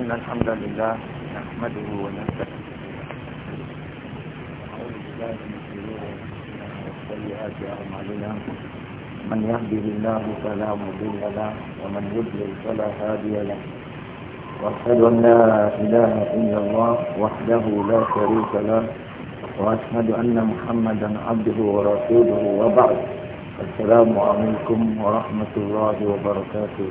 إن الحمد لله نحمده ونستعينه ونعوذ بالله من شرور أنفسنا وسيئات أعمالنا من يهده الله فلا مضل له ومن يضلل فلا هادي له وأشهد أن لا إله إلا الله وحده لا شريك له وأشهد أن محمدا عبده ورسوله وبعد السلام عليكم ورحمة الله وبركاته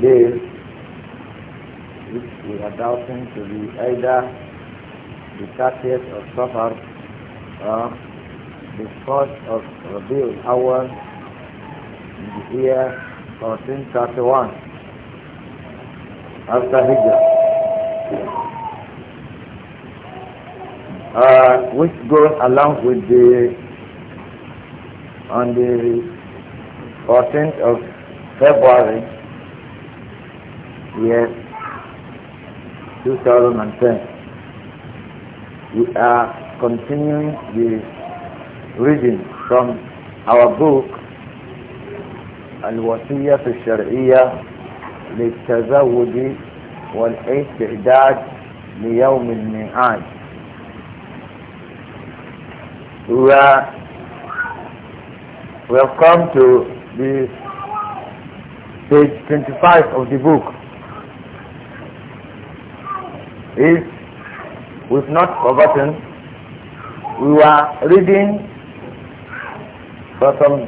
today, which we are doubting to be either the 30th of Safar or the 1st of Rabiul Awal in the year 1431 after Hijrah. Uh, which goes along with the on the 14th of February Yes, 2010. We are continuing the reading from our book Al الوصية الشرعية للتزوج والاستعداد ليوم الميعاد we have come to the page 25 of the book if we've not forgotten we were reading for some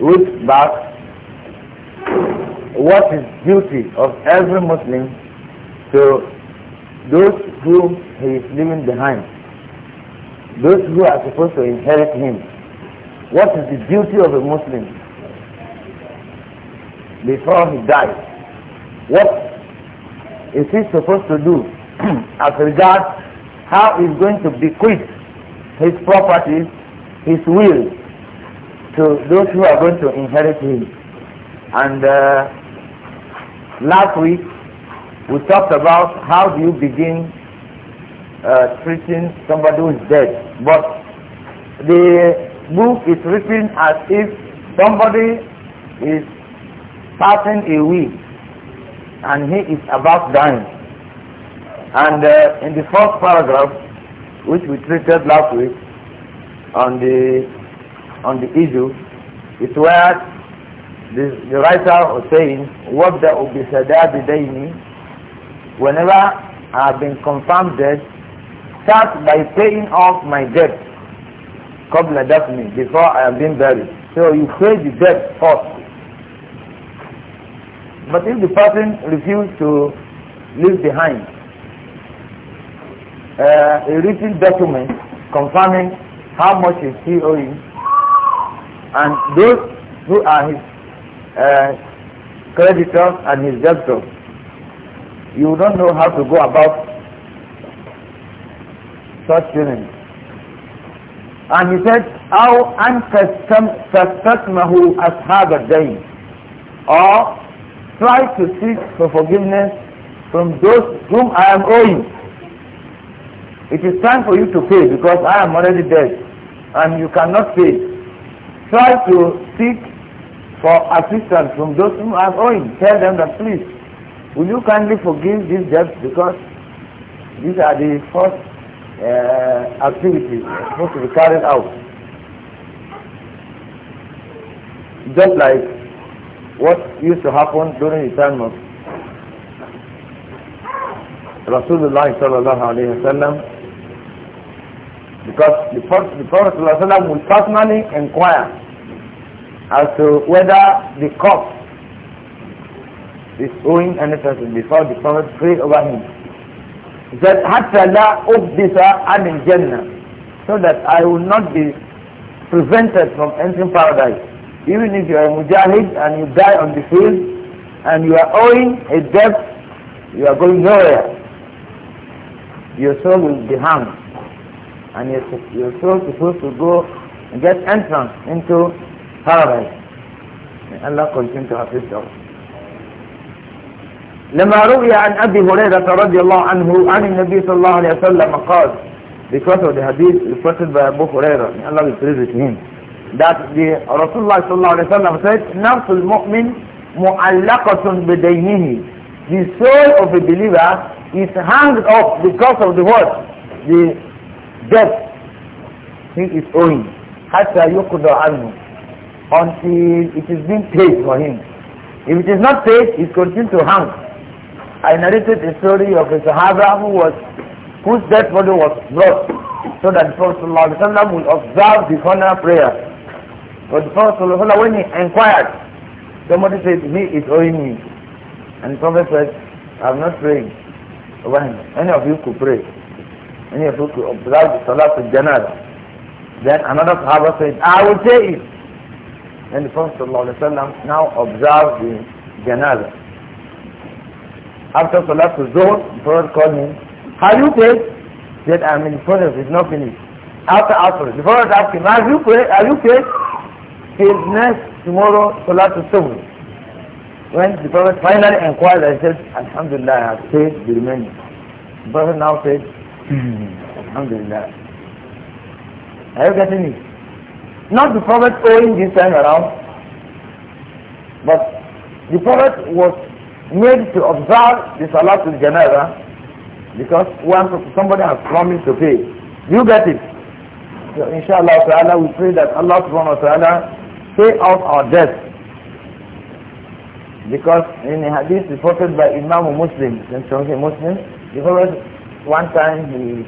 weeks back what is duty of every Muslim to those whom he is leaving behind, those who are supposed to inherit him. What is the duty of a Muslim before he dies? What is he supposed to do as regards how he's going to bequeath his property, his will to those who are going to inherit him. And uh, last week we talked about how do you begin uh, treating somebody who is dead. But the book is written as if somebody is passing away and he is about dying. And uh, in the first paragraph, which we treated last week on the on the issue, it where the, the writer was saying, "What the ubisadabidaini, whenever I have been confirmed dead, start by paying off my debt, qabla dafni, before I have been buried. So you pay the debt first. But if the person refused to leave behind uh, a written document confirming how much is he owing, and those who are his uh, creditors and his debtors, you don't know how to go about such dealings. And he said, أو أن تستسمه أصحاب الدين or try to seek for forgiveness from those whom I am owing. It is time for you to pay because I am already dead and you cannot pay. Try to seek for assistance from those whom I am owing. Tell them that please, will you kindly forgive these debts because these are the first uh, activities supposed to be carried out. Just like what used to happen during the time of Rasulullah sallallahu alayhi wa sallam because the Prophet, the Prophet sallallahu will personally inquire as to whether the cop is owing any person before the Prophet prayed over him. He said, حَتَّى لَا أُبْدِسَ عَنِ الْجَنَّةِ So that I will not be prevented from entering paradise. Even if you are a mujahid and you die on the field and you are owing a debt, you are going nowhere. Your soul will be harmed. And your, your soul is supposed to go and get entrance into paradise. May Allah continue to assist us. لما روي عن أبي هريرة رضي الله عنه عن النبي صلى الله عليه وسلم قال because of the hadith reported by Abu Hurairah may Allah be pleased with him that the Rasulullah sallallahu alaihi wasallam said, "Nafsul mu'min mu'allaqatun bidaynihi." The soul of a believer is hung up because of the what? The debt he is owing. Hatta yuqda anhu. Until it is being paid for him. If it is not paid, it continues to hang. I narrated the story of a Sahaba who was whose dead body was brought so that Prophet ﷺ would observe the corner prayer. But the Prophet ﷺ, when he inquired, somebody said, me is owing me. And the Prophet said, I'm not praying. When any of you could pray, any of you could observe the Salat al-Janazah. Then another Sahaba said, I will pray. it. And the Prophet ﷺ now observed the Janazah. After Salat to zuhr the Prophet called me, have you prayed? He said, I'm in the process, it's not finished. After after, the Prophet asked him, have you prayed? Are you prayed? till next tomorrow Salatul Subh. When the Prophet finally inquired, I said, Alhamdulillah, I have paid the remaining. The Prophet now said, hmm, Alhamdulillah. Are you getting it? Not the Prophet owing this time around, but the Prophet was made to observe the Salatul Janazah because one somebody has promised to pay. You get it? So inshallah we pray that Allah subhanahu wa ta'ala pay out our debt. Because in a hadith reported by Imam Muslim, in Sahih Muslim, he followed, one time he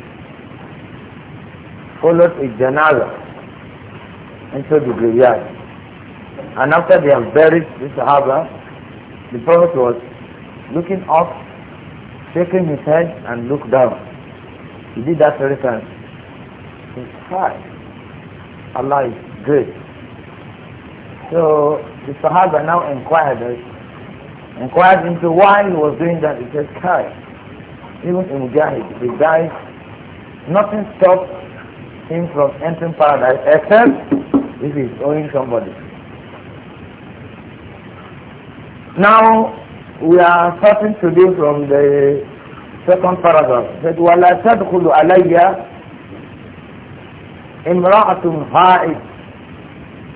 followed a janaza into the graveyard. And after they have buried this Sahaba, the Prophet was looking up, shaking his head and looked down. He did that three times. He said, Allah is great. So the Sahaba now inquired us, inquired into why he was doing that. He said, Kai, even in Mujahid, he died. nothing stopped him from entering paradise except if he's owing somebody. Now we are starting to do from the second paragraph. It said, وَلَا تَدْخُلُ عَلَيَّ امْرَأَةٌ هَائِدٌ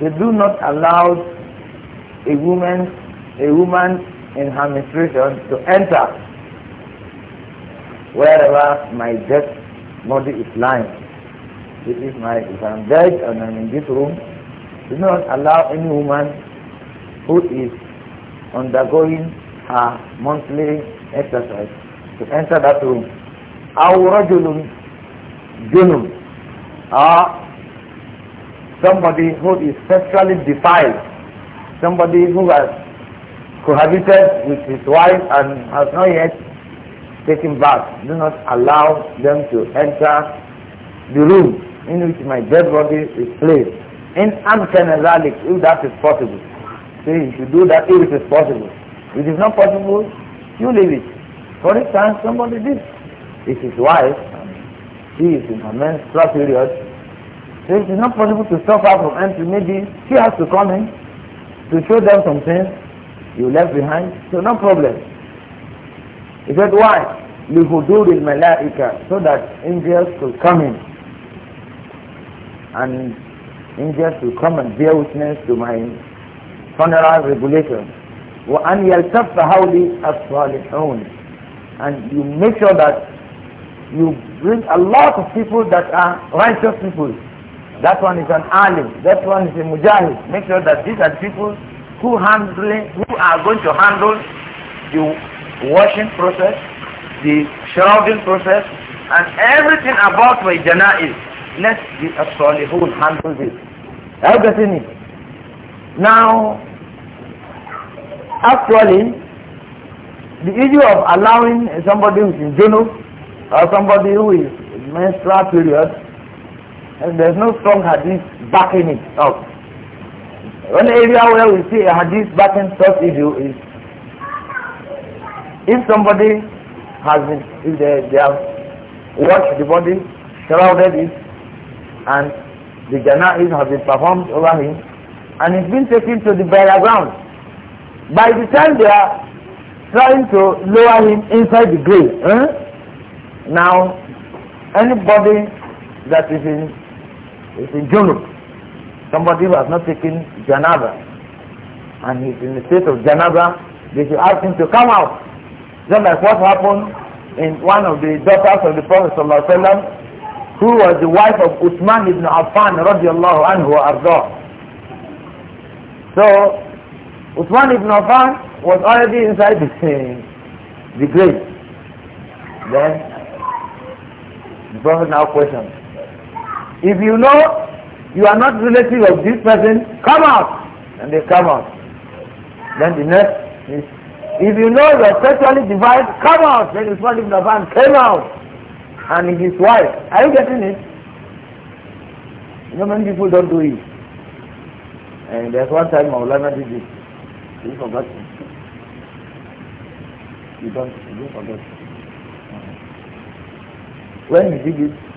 they do not allow a woman, a woman in her menstruation to enter wherever my dead body is lying. This is my, if I'm dead and I'm in this room, do not allow any woman who is undergoing her monthly exercise to enter that room. Our rajulun junub somebody who is sexually defiled, somebody who has cohabited with his wife and has not yet taken bath, do not allow them to enter the room in which my dead body is placed. In Amkanazalik, if that is possible. See, you do that if it is possible. If it is not possible, you leave it. For instance, somebody did. It's his wife. She is in her menstrual period so it is not possible to stop her from entering. Maybe she has to come in to show them some things you left behind. So no problem. He said, why? this malaria So that angels could come in. And angels will come and bear witness to my funeral regulation. وَأَنْ يَلْتَفَّ هَوْلِي الصَّالِحُونَ And you make sure that you bring a lot of people that are righteous people that one is an alim. That one is a mujahid. Make sure that these are people who handling, who are going to handle the washing process, the shrouding process, and everything about my janaiz. Let the who will handle this. Everything. Now, actually, the issue of allowing somebody who is in junub or somebody who is menstrual period and there's no strong hadith backing it up. One area where we see a hadith backing such issue is if somebody has been, if they, they have watched the body, shrouded it, and the janaiz has been performed over him and he's been taken to the burial ground. By the time they are trying to lower him inside the grave, eh? now anybody that is in is in junub. Somebody was not taken janaba and he's in the state of janaba, they should ask him to come out. Just like what happened in one of the daughters of the Prophet ﷺ, who was the wife of Uthman ibn Affan radiallahu anhu arda. So Uthman ibn Affan was already inside the, the grave. Then the Prophet now questioned, if you know you are not relative of this person, come out. And they come out. Then the next is, if you know you are sexually divided, come out. Then Usman the Affan came out. And his wife. Are you getting it? You know many people don't do it. And there's one time Maulana did it. He forgot. You don't, you forgot. When he did it,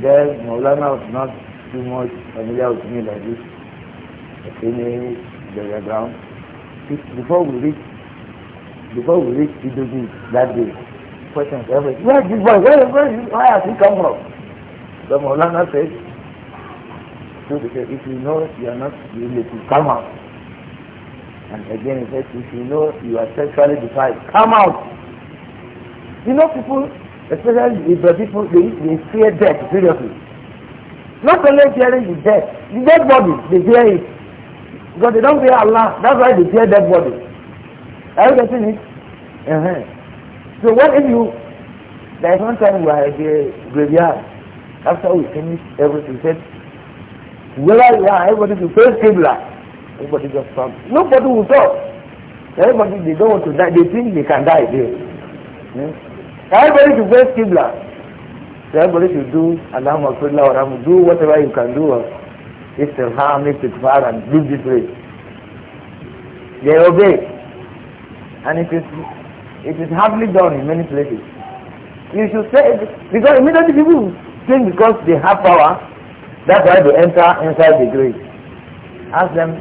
then Maulana was not too much familiar with me like this. Atene, the ground. Before we reach, before we reach Idoji that day, questions everything. Where is this boy? Where, where, where has he come from? So Maulana said, so because if you know you are not to come out. And again he said, if you know you are sexually defiled, come out. You know people especially if the people they, they fear death seriously. Not only fearing the death, the dead body, they fear it. Because they don't fear Allah, that's why they fear dead body. Are you getting it? Uh -huh. So what if you, there is one time we are at the graveyard, after we finish everything, said, whether you are able to face Qibla, everybody just come. Nobody will talk. Everybody, they don't want to die, they think they can die there. Hmm? Everybody should face Qibla. Everybody should do Allahumma Qibla or Ramu. Do whatever you can do. Uh, it's the harm, it's the far and do this way. They obey. And it is, it is hardly done in many places. You should say, it, because immediately people think because they have power, that's why they enter inside the grave. Ask them,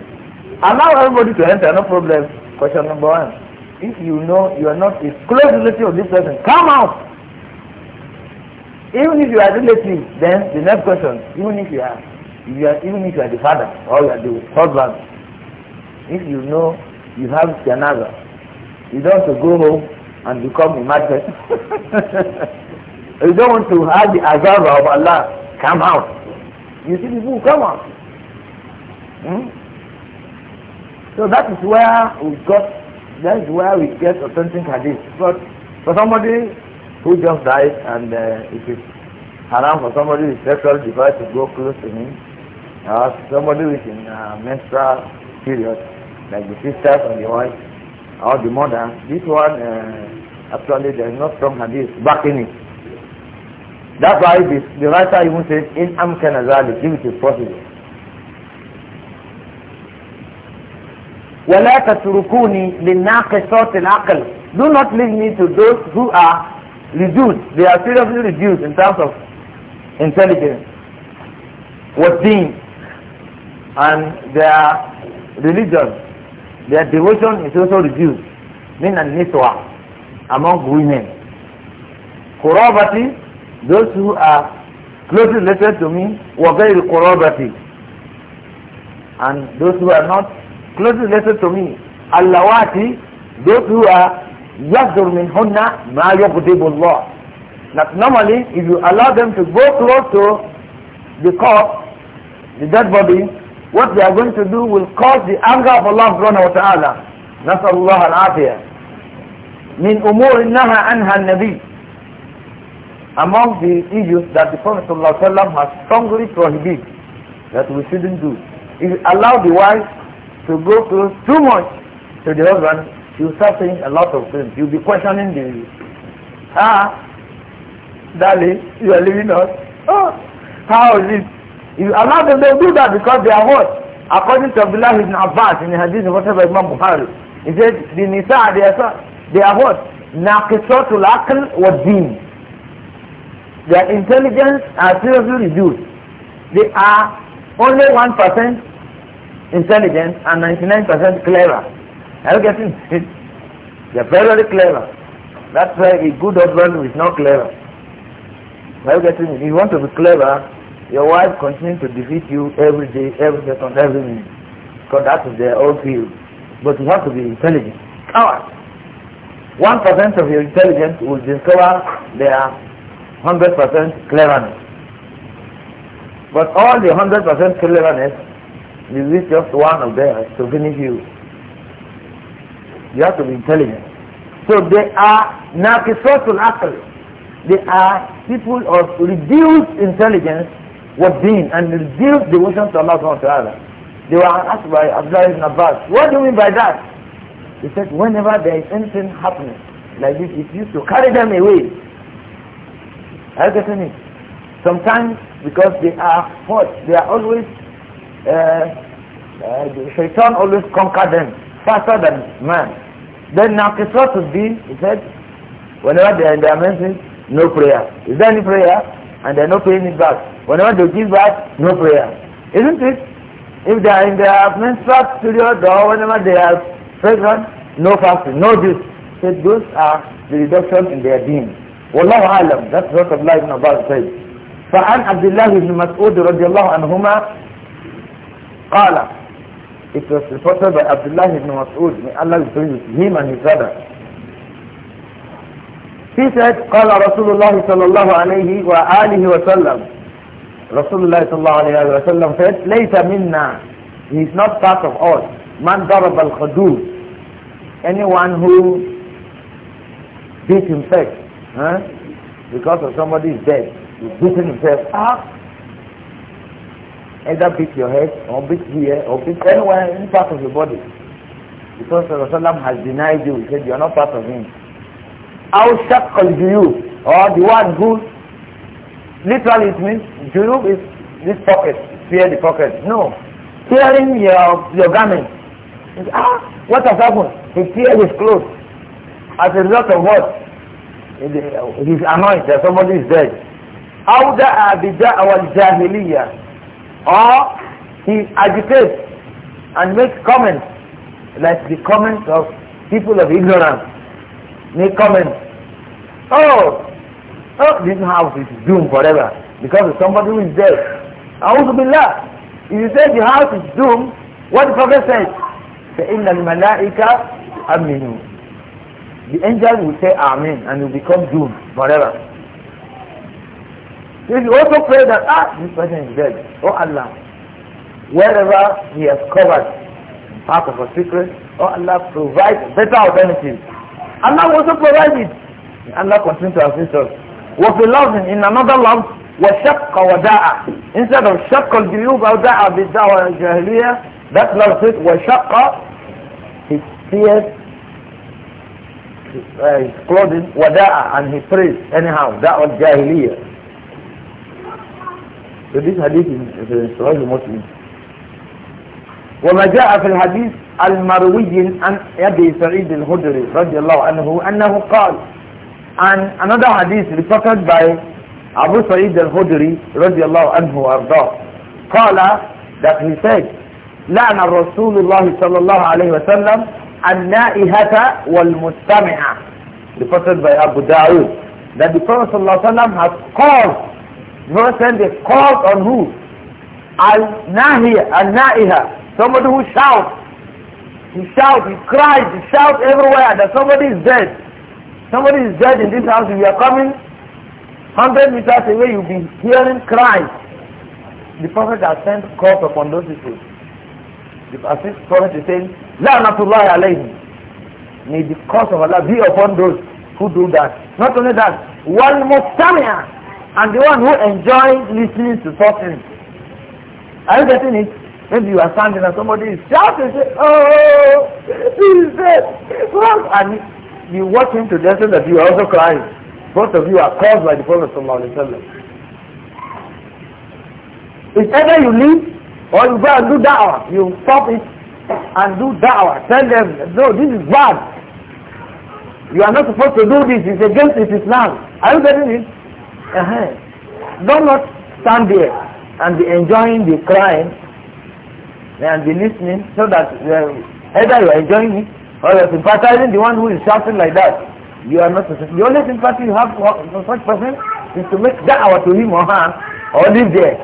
allow everybody to enter, no problem. Question number one if you know you are not a close relative of this person, come out. Even if you are relative, then the next question, even if you are, if you are even if you are the father or you are the husband, if you know you have janaza, you don't want to go home and become a mad you don't want to have the azab of Allah. Come out. You see people come out. Hmm? So that is where we got that is where we get authentic hadith. But for somebody who just died and uh, it is haram for somebody with sexual device to go close to him, or somebody with in uh, menstrual period, like the sisters and the wife, or the mother, this one uh, actually there is no strong hadith backing it. That's why this, the writer even says, in give if it is possible. Do not leave me to those who are reduced. They are seriously reduced in terms of intelligence. What being and their religion, their devotion is also reduced. Men and niswa among women. Qurabati, those who are closely related to me, very qurabati. And those who are not closest related to me allawati those who are min huna ma يغضب Allah. that normally if you allow them to go close to the corpse the dead body what they are going to do will cause the anger of Allah subhanahu wa ta'ala نسأل الله العافية من أمور نهى عنها النبي among the issues that the Prophet وسلم has strongly prohibited that we shouldn't do is allow the wife to go close too much to the husband, you start saying a lot of things. You'll be questioning the ah, darling, you are leaving us. Oh, how is it? You allow them to do that because they are what? According to Abdullah ibn Abbas in the hadith of whatever Imam Bukhari, he said the Nisa they are they are what? Naqisatul Akal wa Deen. Their intelligence are seriously reduced. They are only one percent intelligent and 99% clever. Are you getting it? They are very, clever. That's why a good husband is not clever. Are you getting it? If you want to be clever, your wife continues to defeat you every day, every second, every minute. Because that is their own field. But you have to be intelligent. Coward. One percent of your intelligence will discover their hundred percent cleverness. But all the hundred percent cleverness this is just one of them to finish you. You have to be intelligent. So they are naqisatul aql. They are people of reduced intelligence what deen and reduced devotion to Allah subhanahu wa ta'ala. They were asked by Abdullah ibn Abbas, what do you mean by that? He said, whenever there is anything happening like this, it used to carry them away. Are you getting it? Sometimes because they are forced, they are always uh, uh, the always conquer them faster than man. Then now Kiswatu be, he said, whenever they are in their menses, no prayer. Is there any prayer? And they are not paying it back. Whenever they give back, no prayer. Isn't it? If they are in their menstrual period or whenever they are pregnant, no fasting, no this. So those are the reduction in their deen. والله أعلم that's what Abdullah ibn Abbas said فعن عبد الله بن مسعود رضي الله عنهما Qala. It was reported by Abdullah ibn Mas'ud, may Allah be pleased with him and his brother. He said, قال رسول الله صلى الله عليه وآله وسلم رسول الله صلى الله عليه وسلم said, ليس منا He is not part of us. من ضرب الخدود Anyone who beat himself huh? because of somebody is dead, He beaten himself up Either beat your head or beat here or beat anywhere, any part of your body. Because Rasulullah has denied you. He said you are not part of him. How shakal do you? Or the one who literally it means you is this pocket, fear the pocket. No. Tearing your your garment. ah, what has happened? He tears his clothes. As a result of what? He's annoyed that somebody is dead. أودع بدعوى الجاهلية or he agitates and makes comments like the comments of people of ignorance make comments oh oh this house is doomed forever because of somebody who is dead Billah. if you say the house is doomed what the prophet says فَإِنَّ الْمَلَائِكَ Aminu. the angel will say amen and will become doomed forever if you also pray that, ah, this person is dead. Oh Allah, wherever he has covered part of a secret, oh Allah, provide better alternatives. Allah also provides it. Allah continues to assist us. وفي لفظ in another love وشق وداع instead of شق الجيوب wadaa داع بالدعوة الجاهلية that love says وشق his tears his, uh, his clothing wadaa and he prays anyhow that was jahiliyah So this hadith is مسلم وما جاء في الحديث المروي عن أبي سعيد الخدري رضي الله عنه أنه قال عن another hadith reported by Abu سعيد al رضي الله عنه وأرضاه قال that he said لعن الرسول الله صلى الله عليه وسلم النائهة والمستمعة reported by Abu Dawud that the Prophet صلى الله عليه وسلم has caused Prophet they called on who? Al-Nahiya, Al-Na'iha. Somebody who shouts. He shouts, he cries, he shouts everywhere that somebody is dead. Somebody is dead in this house. We you are coming 100 meters away, you'll be hearing cries. The Prophet has sent calls upon those people. The this Prophet is saying, La'natullah alayhim. May the cause of Allah be upon those who do that. Not only that, wal mustami'ah and the one who enjoys listening to something. Are you getting it? Maybe you are standing and somebody is shouting, say, oh, this is it. And you watch him to the extent that you are also crying. Both of you are caused by the problem from Alaihi Wasallam. It's either you leave or you go and do that da'wah. You stop it and do that da'wah. Tell them, no, this is bad. You are not supposed to do this. It's against It is Islam. Are you getting it? Uh -huh. Don't not stand there and be enjoying the crying and be listening so that uh, either you are enjoying it or you are sympathizing the one who is shouting like that. You are not The only sympathy you have for such person is to make that hour to him or her or live there.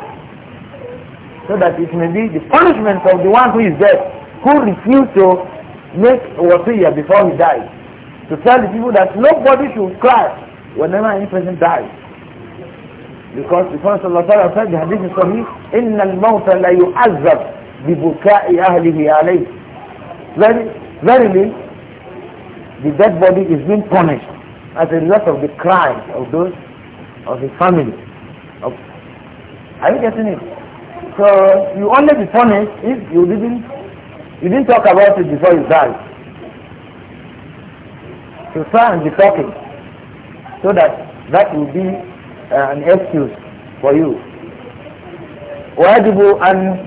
So that it may be the punishment of the one who is dead, who refused to make wasiyah before he died. To tell the people that nobody should cry whenever any person dies because the Prophet sallallahu alaihi wasallam said the hadith is sahih inna al-maut la yu'azzab bi buka'i ahlihi alayh very verily the dead body is being punished as a result of the cries of those of the family of, are you getting it so you only be punished if you didn't you didn't talk about it before you died so try and be talking so that that will be uh, an excuse for you ويجب أن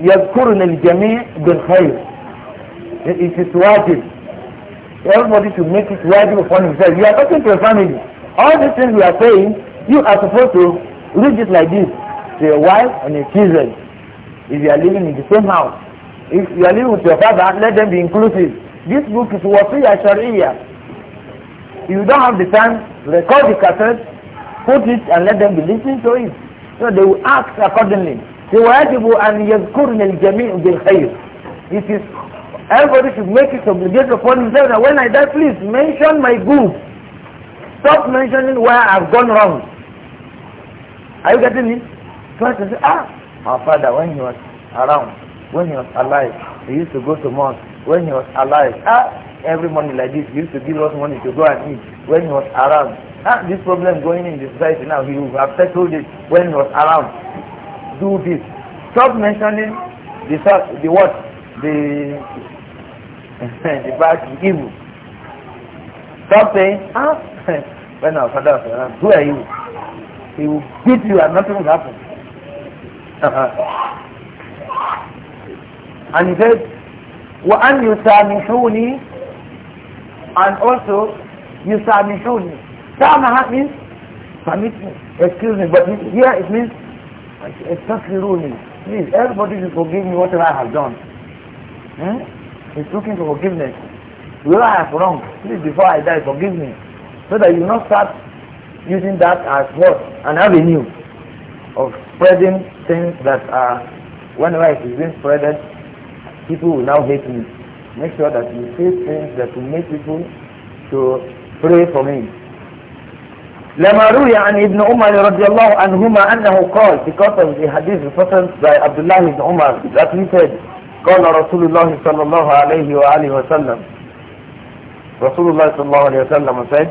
يذكرنا الجميع بالخير it is wajib everybody to make it wajib upon himself you are talking to your family all these things we are saying you are supposed to read it like this to your wife and your children if you are living in the same house if you are living with your father let them be inclusive this book is wasiya sharia If you don't have the time record the cassette Put it and let them be listening to it. So they will act accordingly. They وَيَجِبُ أَنْ يَذْكُرْنَ الْجَمِيعُ بِالْخَيْرِ It is, everybody should make it obligatory upon himself that when I die, please mention my good. Stop mentioning where I've gone wrong. Are you getting it? Try to say, ah, my father, when he was around, when he was alive, he used to go to mosque. When he was alive, ah, every morning like this, he used to give us money to go and eat. When he was around, Ah, this problem going in the society now, he will have settled it when he was around. Do this. Stop mentioning the, the what? The, the bad, the evil. Stop saying, ah, when our father was around, who are you? He will beat you and nothing will happen. and he said, وَأَنْ يُسَامِحُونِي And also, يُسَامِحُونِي سامحة means permit me, excuse me, but here it means ruling. please everybody should forgive me what I have done hmm? he's looking for forgiveness where I have wrong please before I die forgive me so that you not start using that as what an avenue of spreading things that are when life is being spread people will now hate me make sure that you say things that will make people to pray for me لما روي عن ابن عمر رضي الله عنهما أنه قال because of the hadith referenced by Abdullah ibn Umar that he said قال رسول الله صلى الله عليه وآله وسلم رسول الله صلى الله عليه وسلم said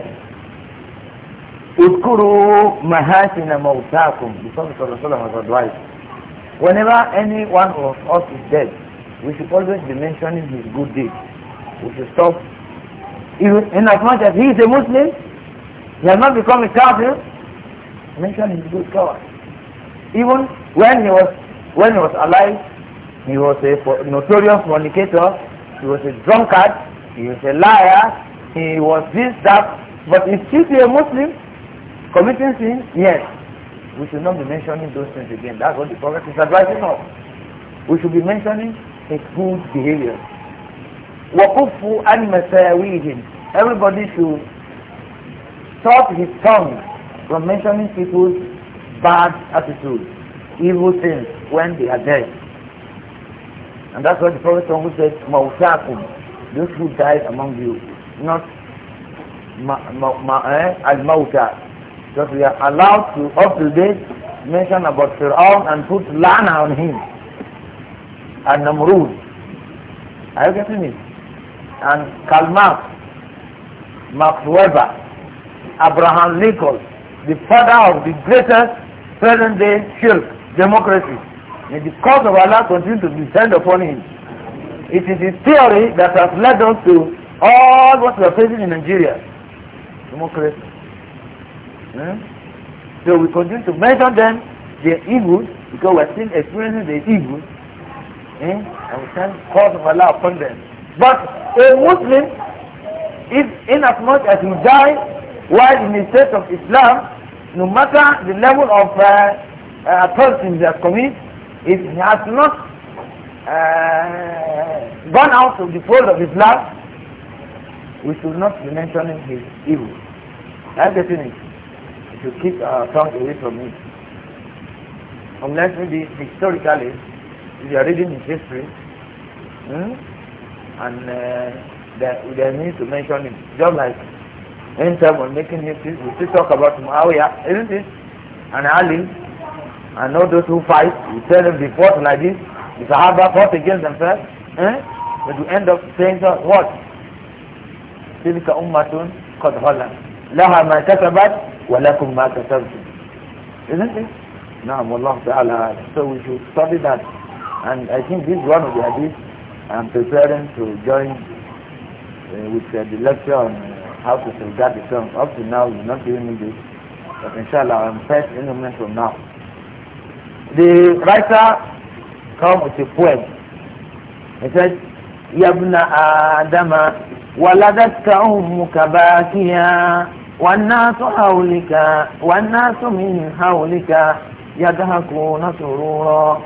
اذكروا مهاتن موتاكم because the Rasulullah has advised whenever any one of us is dead we should always be mentioning his good deeds we should stop in as much as he is a Muslim He has not become a kafir Mention his good book Even when he was when he was alive, he was a notorious fornicator, he was a drunkard, he was a liar, he was this, that, but is he still a Muslim committing sins? Yes. We should not be mentioning those things again. That's what the Prophet is advising us. We should be mentioning his good behavior. Everybody should stop his tongue from mentioning people's bad attitudes, evil things when they are dead. And that's what the Prophet who said, Mautakum, those who died among you, not eh, al-mauta. Because we are allowed to, up to date, mention about Fir'aun and put lana on him. And Namrud. Are you getting me? And Kalmak, Max Weber, Abraham Lincoln, the father of the greatest present-day shirk, democracy. May the cause of Allah continue to descend upon him. It is his theory that has led us to all what we are facing in Nigeria. Democracy. Hmm? So we continue to mention them, their evils, because we are still experiencing their evils. Hmm? And we send cause of Allah upon them. But a Muslim, if in as much as he dies while in the state of Islam, no matter the level of uh, uh atrocities they have committed, he has not uh, gone out of the fold of Islam, we should not be mentioning his evil. That's the thing. We should keep our tongue away from it. Unless maybe historically, if you are reading his history, hmm, and uh, don't need to mention him, just like in terms of making history, we still talk about Muawiyah, isn't it? And Ali, and all those who fight, we tell them they fought like this, the Sahaba fought against themselves, eh? but we end up saying to us, what? تلك أمة قد خلت لها ما ولكم ما isn't it? نعم والله تعالى so we should study that and I think this one of the hadith I'm preparing to join uh, with uh, the lecture on how to safeguard the film. Up to now, you're not giving me this. But inshallah, I'm first in a minute from now. The writer comes with a poem. He says, يَبْنَ آدَمَ وَلَدَتْكَ أُمُّكَ بَاكِيًا والناس حولك والناس من حولك يضحكون سرورا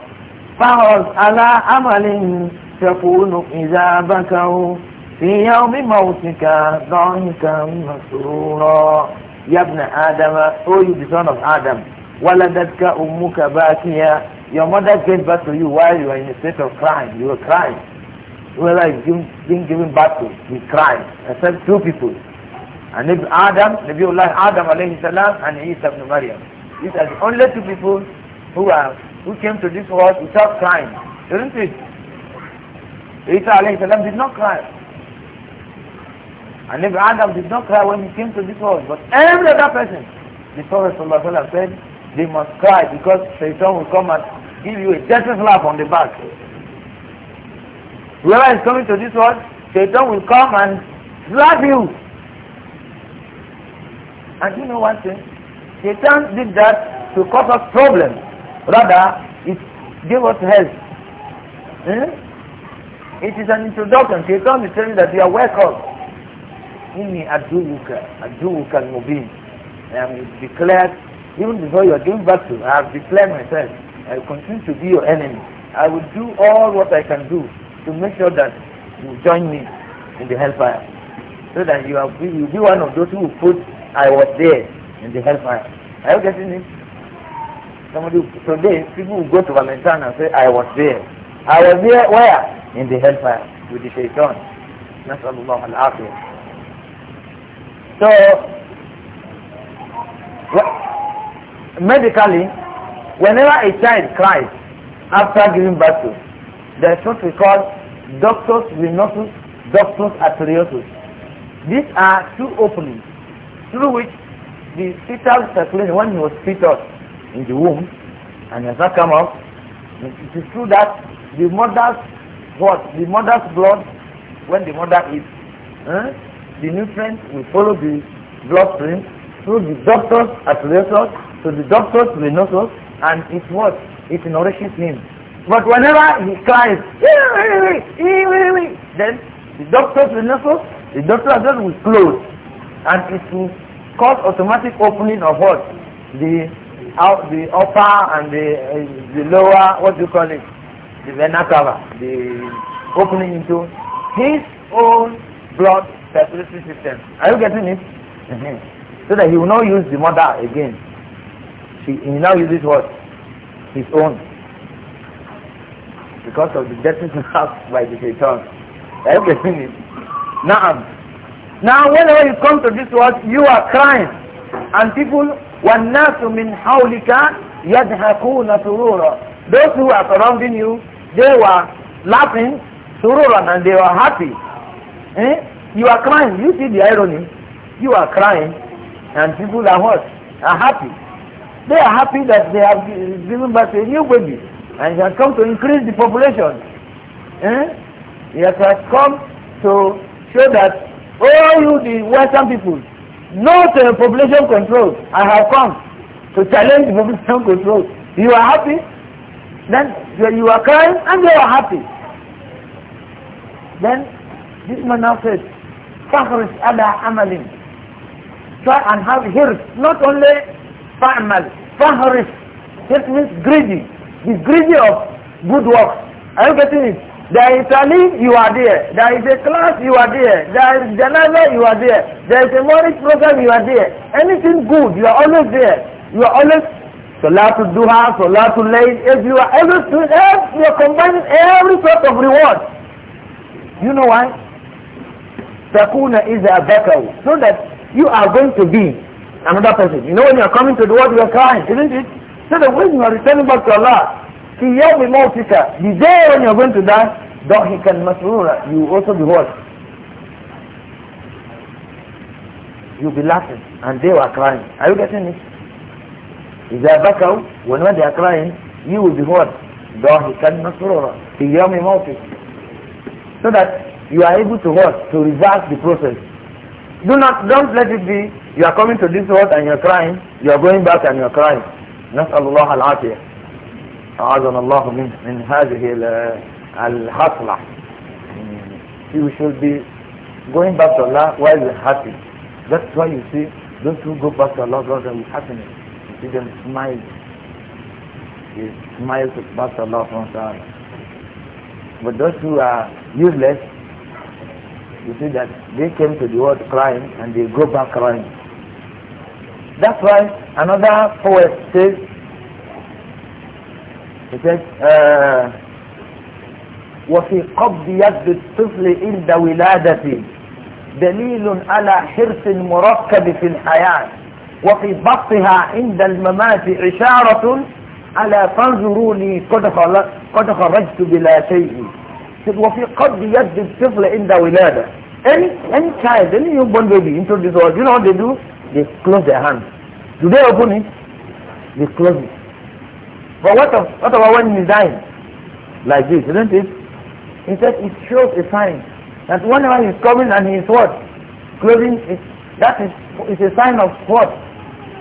فاعرض على أمل تكون إذا بكوا في يوم موتك ضعنك مسرورا يا ابن آدم oh, you the son of Adam ولدتك أمك your mother gave birth to you while you were in a state of crying you were crying were like being given birth to you cried except two people and Nabi Adam Nabiullah Adam alayhi salam and Isa ibn Maryam these are the only two people who are who came to this world without crying isn't it Isa alayhi salam did not cry and if Adam did not cry when he came to this world, but every other person, the Prophet ﷺ said, they must cry because Satan will come and give you a death slap on the back. Whoever is coming to this world, Satan will come and slap you. And you know one thing? Satan did that to cause us problems. Rather, it gave us health. Hmm? It is an introduction. Satan is telling that you are welcome inni adubuka adubuka mubin I am declared even before you are giving birth to I have declared myself I will continue to be your enemy I will do all what I can do to make sure that you join me in the hellfire so that you will be one of those who put I was there in the hellfire are you getting it somebody today people will go to Valentine and say I was there I was there where in the hellfire with the shaitan نسأل الله العافية so, medically, whenever a child cries after giving birth to, there is what we call doctors venosus, doctors arteriosus. These are two openings through which the fetal circulation, when he was fetus in the womb and has not come out, it is true that the mother's what the mother's blood when the mother is eh, the nutrients will follow the bloodstream through the doctors apparatus to the doctors rhinoceros and it what? It nourishes him. But whenever he cries, then the doctor's rhinoceros, the doctor's rhinoceros will close and it will cause automatic opening of what? The out the upper and the uh, the lower what do you call it the vena cava the opening into his own blood circulatory system. Are you getting it? Mm -hmm. So that he will not use the mother again. She, he now uses what? His own. Because of the death of by the shaitan. Are you getting it? Now, now whenever you come to this world, you are crying. And people, وَالنَّاسُ مِنْ حَوْلِكَ يَدْهَكُونَ سُرُورًا Those who are surrounding you, they were laughing, sururan, and they were happy. Eh? You are crying. You see the irony? You are crying and people are what? Are happy. They are happy that they have given birth to a new baby and it has come to increase the population. Eh? It has come to show that all oh, you the Western people, not uh, population control. I have come to challenge the population control. You are happy, then you are crying and you are happy. Then this man now says, فاخرج على عمل try and have here not only فعمل فاخرج It means greedy he's greedy of good works are you getting it there is Ali, you are there. There is a class, you are there. There is Janada, you are there. There is a marriage program, you are there. Anything good, you are always there. You are always Salatul Duha, Salatul Layl. If you are always doing you are combining every sort of reward. You know why? is إذا بكوا so that you are going to be another person you know when you are coming to the world you are crying isn't it so that when you are returning back to Allah في يوم موتك the day when you are going to die ضحكا masrura, you also be what you'll be laughing and they were crying are you getting it إذا بكوا when, when they are crying you will be what ضاحكا masrura, في يوم موتك so that you are able to what? To reverse the process. Do not, don't let it be, you are coming to this world and you are crying, you are going back and you are crying. نسأل الله العافية أعاذنا الله من, من هذه الحصلة You should be going back to Allah while you're happy. That's why you see those who go back to Allah brother with happiness. You see them smile. They smile back to Allah from But those who are useless, you see that they came to the world crying and they go back crying. That's why another poet says, he says, uh, وفي قبض يد الطفل عند ولادته دليل على حرص مركب في الحياة وفي بطها عند الممات إشارة على فانظروني قد خرجت بلا شيء said وفي قبض يد الطفل عند ولادة any any child any newborn baby into this world you know what they do they close their hands do they open it they close it but what of what about when he dies like this isn't it he said it shows a sign that whenever he's coming and he's what closing it that is is a sign of what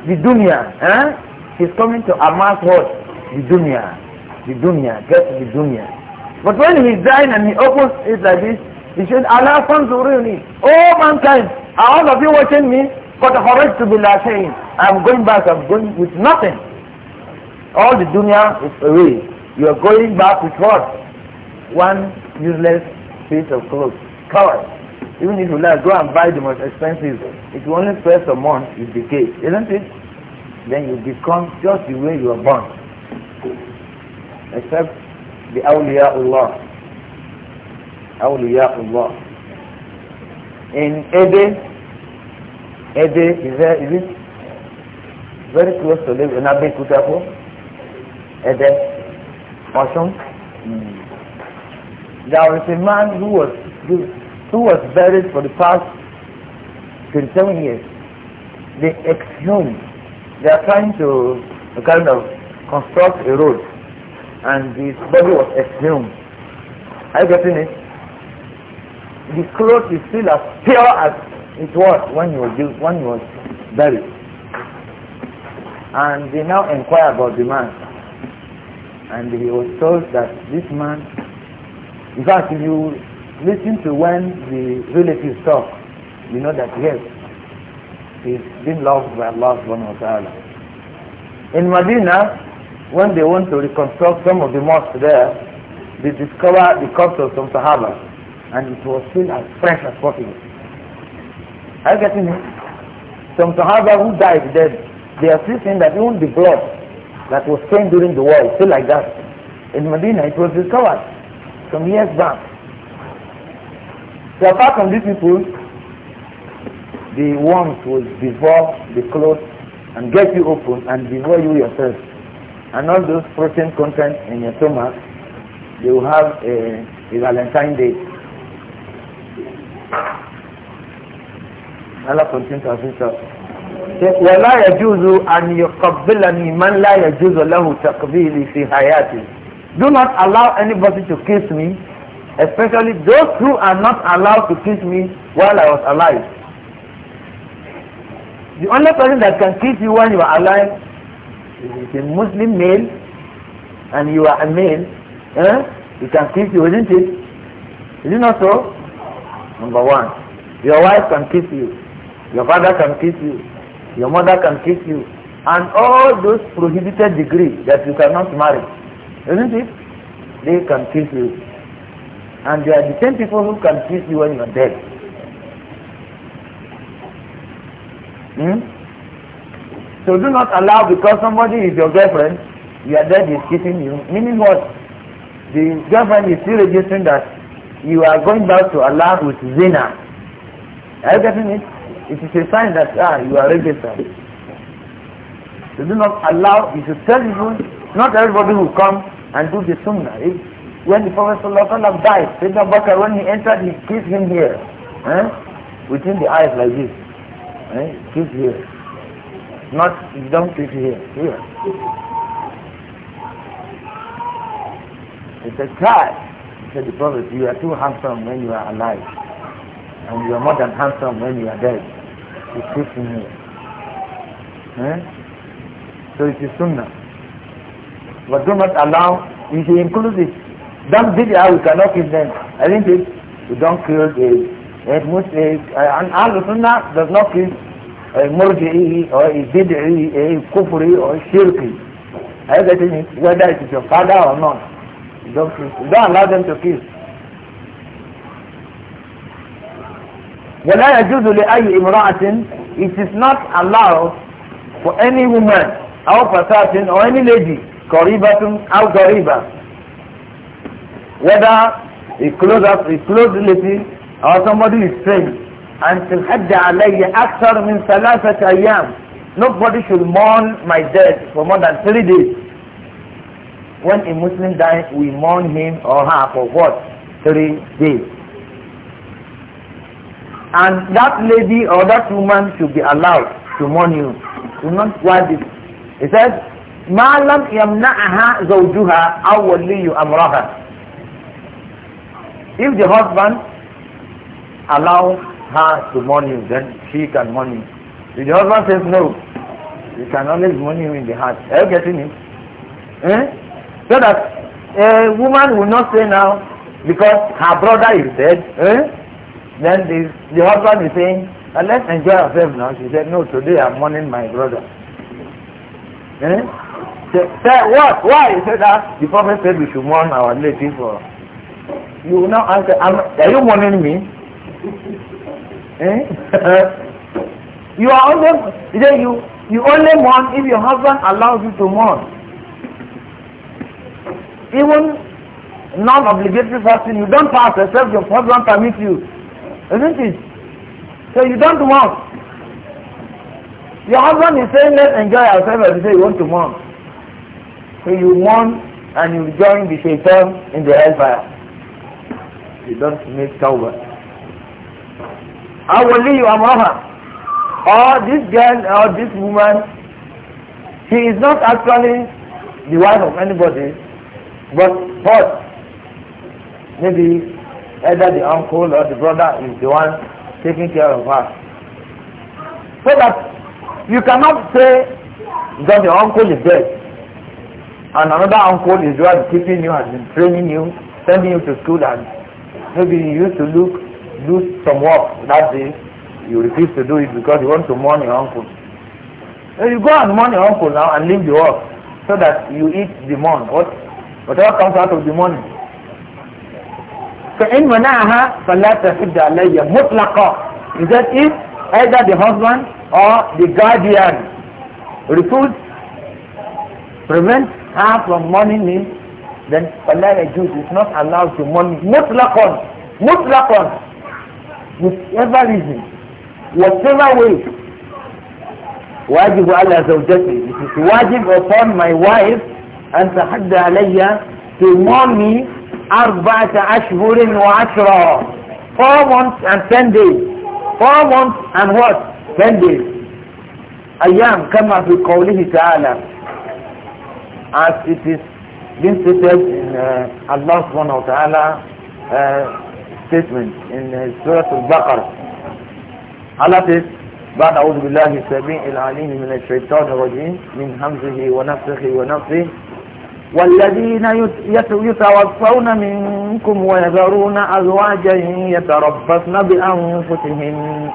the dunya eh? he's coming to amass what the dunya the dunya get the dunya but when he's dying and he opens it like this, he said, Allah fanzuruni. Oh mankind, are all of you watching me? But horrid to be like saying, I'm going back, I'm going with nothing. All the dunya is away. You are going back with what? One useless piece of clothes. Covered. Even if you like, go and buy the most expensive. if you only for a month you decay, isn't it? Then you become just the way you are born. Except the awliyaullah awliyaullah in Ede Ede is there is very close to live in Abekutapo Ede Oshun mm. there was a man who was who was buried for the past 27 years they exhumed they are trying to kind of construct a road and his body was exhumed. Are you getting it? The cloth is still as pure as it was when he was when he was buried. And they now inquire about the man. And he was told that this man, in fact, if you listen to when the relatives talk, you know that yes, he's been loved by Allah subhanahu wa ta'ala. In Medina, when they want to reconstruct some of the mosques there, they discovered the corpses from Sahaba and it was still as fresh as possible. Are you getting it? Some Sahaba who died dead, they are still saying that even the blood that was stained during the war is still like that. In Medina it was discovered some years back. So apart from these people, the worms will devour the clothes and get you open and devour you yourself and all those protein content in your stomach, you have a, a Valentine Day. Allah continues to ولا يجوز أن يقبلني من لا يجوز له تقبيلي في حياتي. Do not allow anybody to kiss me, especially those who are not allowed to kiss me while I was alive. The only person that can kiss you when you are alive if a Muslim male and you are a male, eh, you can kiss you, isn't it? Is it not so? Number one, your wife can kiss you, your father can kiss you, your mother can kiss you, and all those prohibited degrees that you cannot marry, isn't it? They can kiss you. And they are the same people who can kiss you when you are dead. Hmm? So do not allow because somebody is your girlfriend, your dad is kissing you. Meaning what? The girlfriend is still registering that you are going back to Allah with zina. Are you getting it? It is a sign that ah, you are registered. So do not allow, you should tell people, not everybody will come and do the sunnah. when the Prophet ﷺ died, Sayyidina Bakr, when he entered, he kissed him here. Eh? Within the eyes like this. Eh? Kissed here. Not don't put here. Here. He said, try. He said, the prophet, you are too handsome when you are alive. And you are more than handsome when you are dead. He puts in here. Eh? So it is sunnah. But do not allow, you should include it. Don't bid'ah, we cannot give them. I think it, we don't kill the, it must, uh, and Al-Sunnah does not kill مرجعه أو بدعه أو كفره أو شركه هذا تاني whether it is your father or not don't, don't allow them to kiss ولا يجوز لأي امرأة it is not allowed for any woman or person or any lady قريبة أو قريبة whether a close, up a close relative or somebody is strange until hadda alayya akthar as thalathati ayyam nobody should mourn my death for more than three days when a muslim dies we mourn him or her for what three days and that lady or that woman should be allowed to mourn you do not want this. he says ما لم يمنعها زوجها أو ولي أمرها if the husband allows her to mourn you, then she can mourn you. If the husband says no, you can always mourn in the heart. Are you getting it? Eh? So that a woman will not say now because her brother is dead. Eh? Then the, the husband is saying, uh, let's enjoy ourselves now. She said, no, today I'm mourning my brother. Eh? She said, what? Why? He said that the prophet said we should mourn our relative. You will now answer, are you mourning me? Eh? you are only you you only mourn if your husband allows you to mourn. Even non-obligatory fasting, you don't fast yourself. your husband permits you, isn't it? So you don't mourn. Your husband is saying let's enjoy ourselves and you say you want to mourn. So you mourn and you join the shaitan in the hellfire. You don't make tawbah. I will leave Amraha. Or this girl or this woman, she is not actually the wife of anybody, but what? Maybe either the uncle or the brother is the one taking care of her. So that you cannot say that your uncle is dead and another uncle is the one keeping you and training you, sending you to school and maybe you used to look do some work that day, you refuse to do it because you want to mourn your uncle. So you go and mourn your uncle now and leave the work so that you eat the money. What, whatever comes out of the morning. فإن منعها فلا تحد علي مطلقا is that if either the husband or the guardian refuse prevent her from mourning me then فلا يجوز is not allowed to mourn مطلقا مطلقا whichever reason whatever way واجب على زوجتي it is واجب upon my wife أن تحدى علي to mourn me أربعة أشهر وعشرة four months and ten days four months and what ten days أيام كما في قوله تعالى as it is been stated in uh, Allah subhanahu wa ta'ala uh, statement in Al-Baqarah. البقرة says, بعد أعوذ بالله السميع العليم من الشيطان الرجيم من همزه ونفسه ونفسه والذين يتوفون منكم ويذرون أزواجا يتربصن بأنفسهن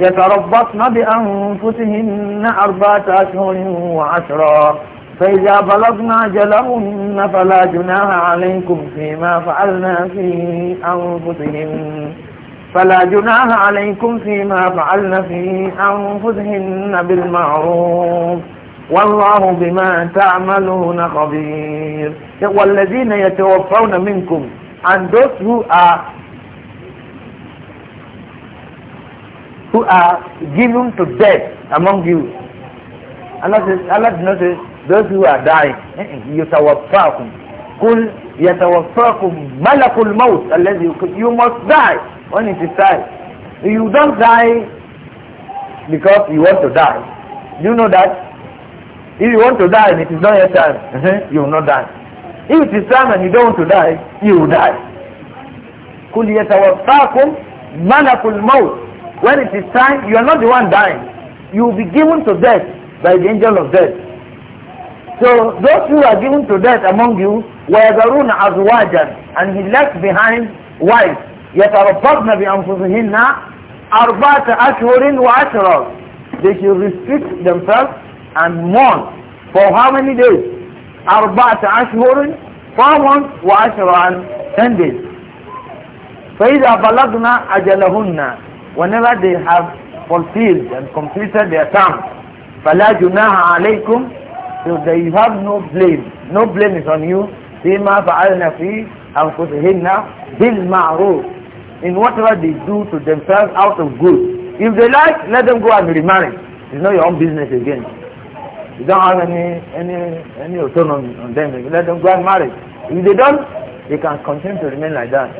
يتربصن بأنفسهن أربعة أشهر وعشرا فإذا بلغنا أجلهن فلا جناح عليكم فيما فعلنا في أنفسهن فلا جناح عليكم فيما فعلنا في أنفسهن بالمعروف والله بما تعملون خبير والذين يتوفون منكم and those who are who are given to death among you Allah says Allah does not say those who are dying يتوفاكم قل يتوفاكم ملك الموت الذي you must die when it is time you don't die because you want to die you know that if you want to die and it is not your time eh, you will not die if it is time and you don't want to die you will die قل يتوفاكم ملك الموت when it is time you are not the one dying you will be given to death by the angel of death so those who are given to death among you were وَيَذَرُونَ أَزْوَاجًا And he left behind wife. Yet wives يَتَرَبَّضْنَ بِأَنفُسِهِنَّ أَرْبَعَةَ أَشْهُرٍ وَعَشْرًا They should restrict themselves and mourn. For how many days? أَرْبَعَةَ أَشْهُرٍ Four months وَعَشْرًا Ten days. فَإِذَا بَلَغْنَا أَجَلَهُنَّ Whenever they have fulfilled and completed their term فَلَا جُنَاهَ عَلَيْكُمْ so that you have no blame no blame is on you فيما فعلنا في my بالمعروف in whatever they do to themselves out of good if they like let them go and remarry it's not your own business again you don't have any any any autonomy on them let them go and marry if they don't they can continue to remain like that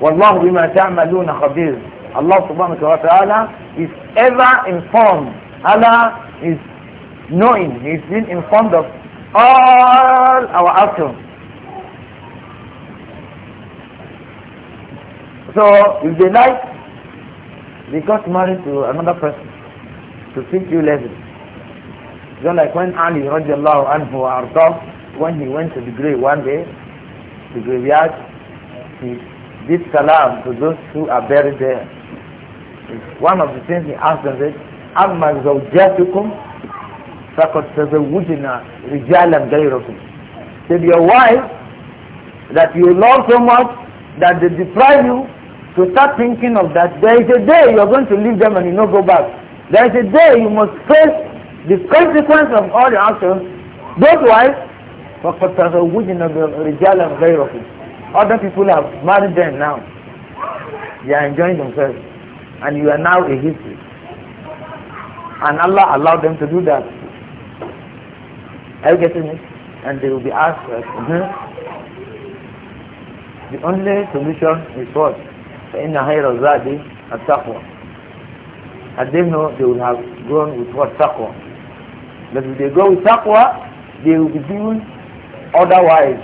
والله بما تعملون خبير Allah subhanahu wa Allah is ever informed Allah is knowing he's been informed of all our actions so if they like they got married to another person to think you lessons just like when Ali radiallahu anhu ardah when he went to the grave one day the graveyard he did salam to those who are buried there one of the things he asked them is أَمَّا زَوْجَاتُكُمْ فقد تزوجنا رجالا غيركم said your wife that you love so much that they deprive you to start thinking of that there is a day you are going to leave them and you no go back there is a day you must face the consequence of all your actions those wives فقد تزوجنا رجالا غيركم other people have married them now they are enjoying themselves and you are now a history and Allah allowed them to do that Are you getting it? And they will be asked, mm -hmm. the only solution is what? فإن خير الزاد التقوى. And they know they will have gone with what taqwa. But if they go with taqwa, they will be given otherwise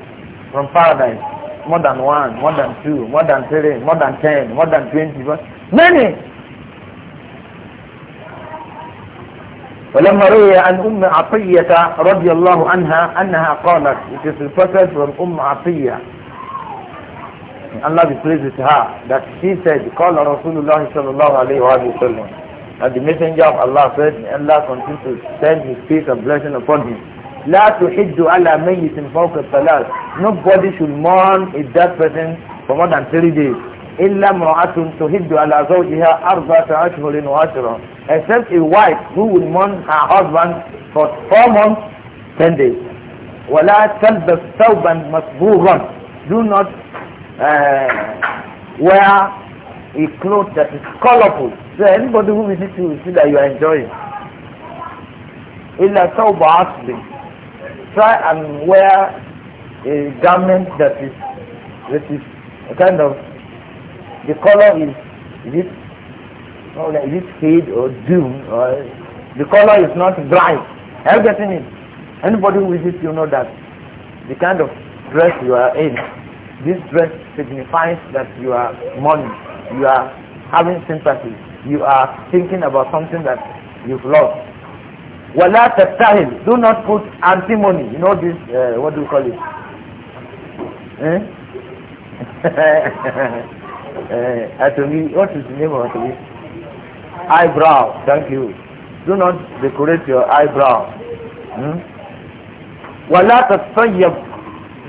from paradise. More than one, more than two, more than three, more than ten, more than twenty, many. ولما روي عن أم عطية رضي الله عنها أنها قالت it is reported from أم عطية الله be pleased her that she said قال رسول الله صلى الله عليه وآله وسلم that the messenger of Allah said may Allah continue to send his peace and blessing upon him لا تحد على ميت فوق الثلاث nobody should mourn a dead person for more than three days إلا امرأة تهد على زوجها أربعة أشهر وعشرة except a wife who will mourn her husband for four months ten days ولا تلبس ثوبا مصبورا do not uh, wear a cloth that is colorful so anybody who visits you will see that you are enjoying إلا ثوب عصب try and wear a garment that is that is a kind of the color is, is it, oh, is it fade or dim or the color is not bright. Are you getting it? Anybody who visits you know that the kind of dress you are in, this dress signifies that you are mourning, you are having sympathy, you are thinking about something that you've lost. Wala tattahil, do not put antimony, you know this, uh, what do you call it? Eh? uh, eh, Atomi, what is the name of Atomi? Eyebrow, thank you. Do not decorate your eyebrow. Hmm?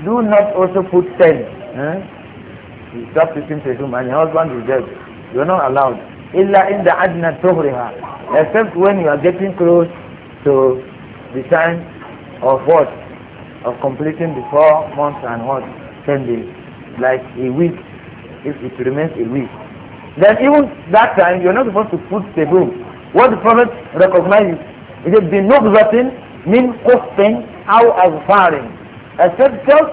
do not also put scent. Hmm? You stop speaking to him and your husband will judge. You are not allowed. Illa in the adna Except when you are getting close to the time of what? Of completing the four months and what? Ten days. Like a week if it remains a week. Then even that time, you're not supposed to put the sebum. What the Prophet recognizes, it has been nubzatin min out of firing. Except just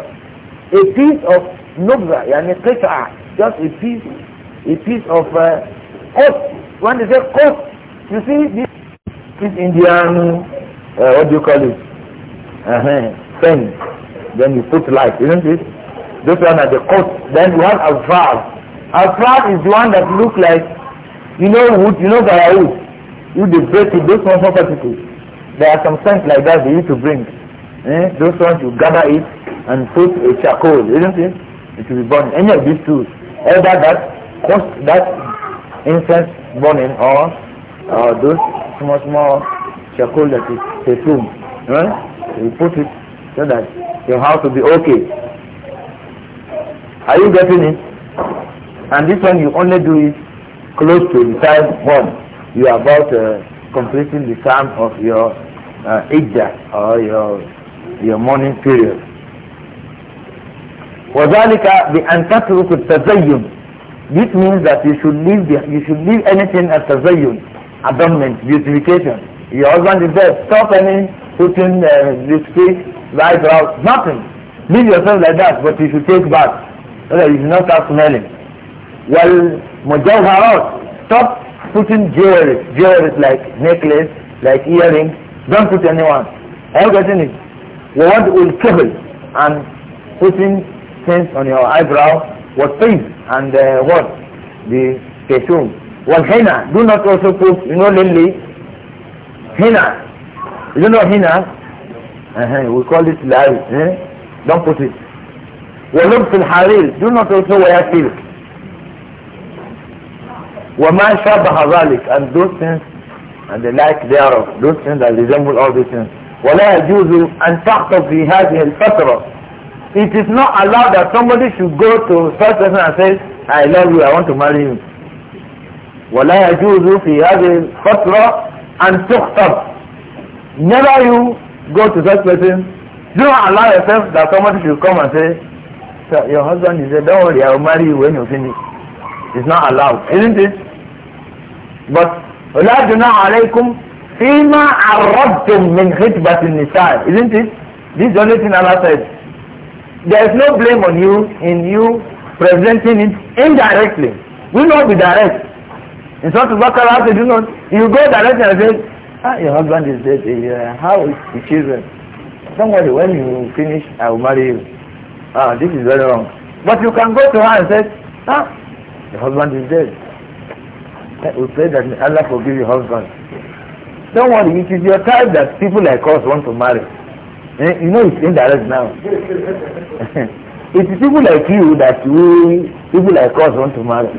a piece of nubza, yani qit'a, just a piece, a piece of uh, coat. When they say coat, you see this this Indian, uh, what do you call it? Uh -huh, Then you put light, isn't it? Those one are the coats. Then you have A Afrad is the one that look like, you know wood, you know gaya wood. You the break it, those small are particle. There are some scents like that they need to bring. Eh? Those ones you gather it and put a charcoal, isn't it? It will be Any of these two. Either that cost that incense burning or uh, those small small charcoal that is perfume. Right? Eh? You put it so that your house will be okay. Are you getting it? And this one you only do it close to the time when you are about uh, completing the time of your uh, iddah or your your morning period. وذلك بأن تترك التزين this means that you should leave the, you should leave anything as tazayyun adornment beautification your husband is there, stop any putting uh, this speech right out nothing leave yourself like that but you should take bath so that you do not start smelling. Well, mujawharat, stop putting jewelry, jewelry like necklace, like earrings, don't put anyone. Are you getting it? What will kill and putting things on your eyebrow, what things and uh, what the perfume. Well, henna, do not also put, you know, lily, henna. You know henna? Uh -huh. We call it live. Eh? Don't put it. ولبس الحرير do not also wear silk وما شابه ذلك and those things and the like thereof those things that resemble all these things ولا يجوز أن تخطب في هذه الفترة it is not allowed that somebody should go to such person and say I love you I want to marry you ولا يجوز في هذه الفترة أن تخطب never you go to such person do not allow yourself that somebody should come and say your husband he said, don't worry, I'll marry you when you finish. It's not allowed, isn't it? But وَلَا جُنَاعَ عَلَيْكُمْ فِيمَا عَرَّضْتُمْ مِنْ nisa, النِّسَاءِ Isn't it? This is the only thing Allah said. There is no blame on you in you presenting it indirectly. We will not be direct. In Surah Al-Baqarah, you do not, you go direct and say, ah, your husband is dead, how is the children? Somebody, when you finish, I will marry you ah, this is very wrong. But you can go to her and say, ah, the husband is dead. We pray that Allah forgive your husband. Don't worry, it is your type that people like us want to marry. Eh, you know it's indirect now. it is people like you that we, people like us want to marry.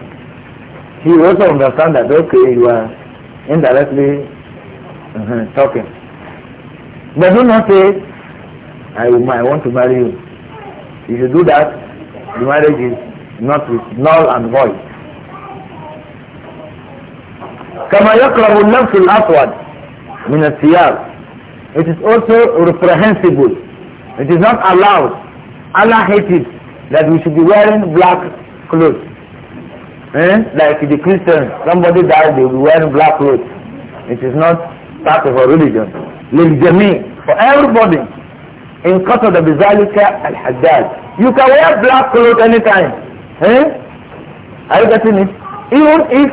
He also understand that, okay, you are indirectly uh -huh, talking. But do not say, I, I want to marry you. If you do that, the marriage is not with null and void. كما يكره اللبس الأسود من الثياب It is also reprehensible. It is not allowed. Allah hated that we should be wearing black clothes. Eh? Like the Christians, somebody died, they will be wearing black clothes. It is not part of our religion. للجميع, for everybody in qasada bizalika al-haddad you can wear black clothes anytime eh are you getting it even if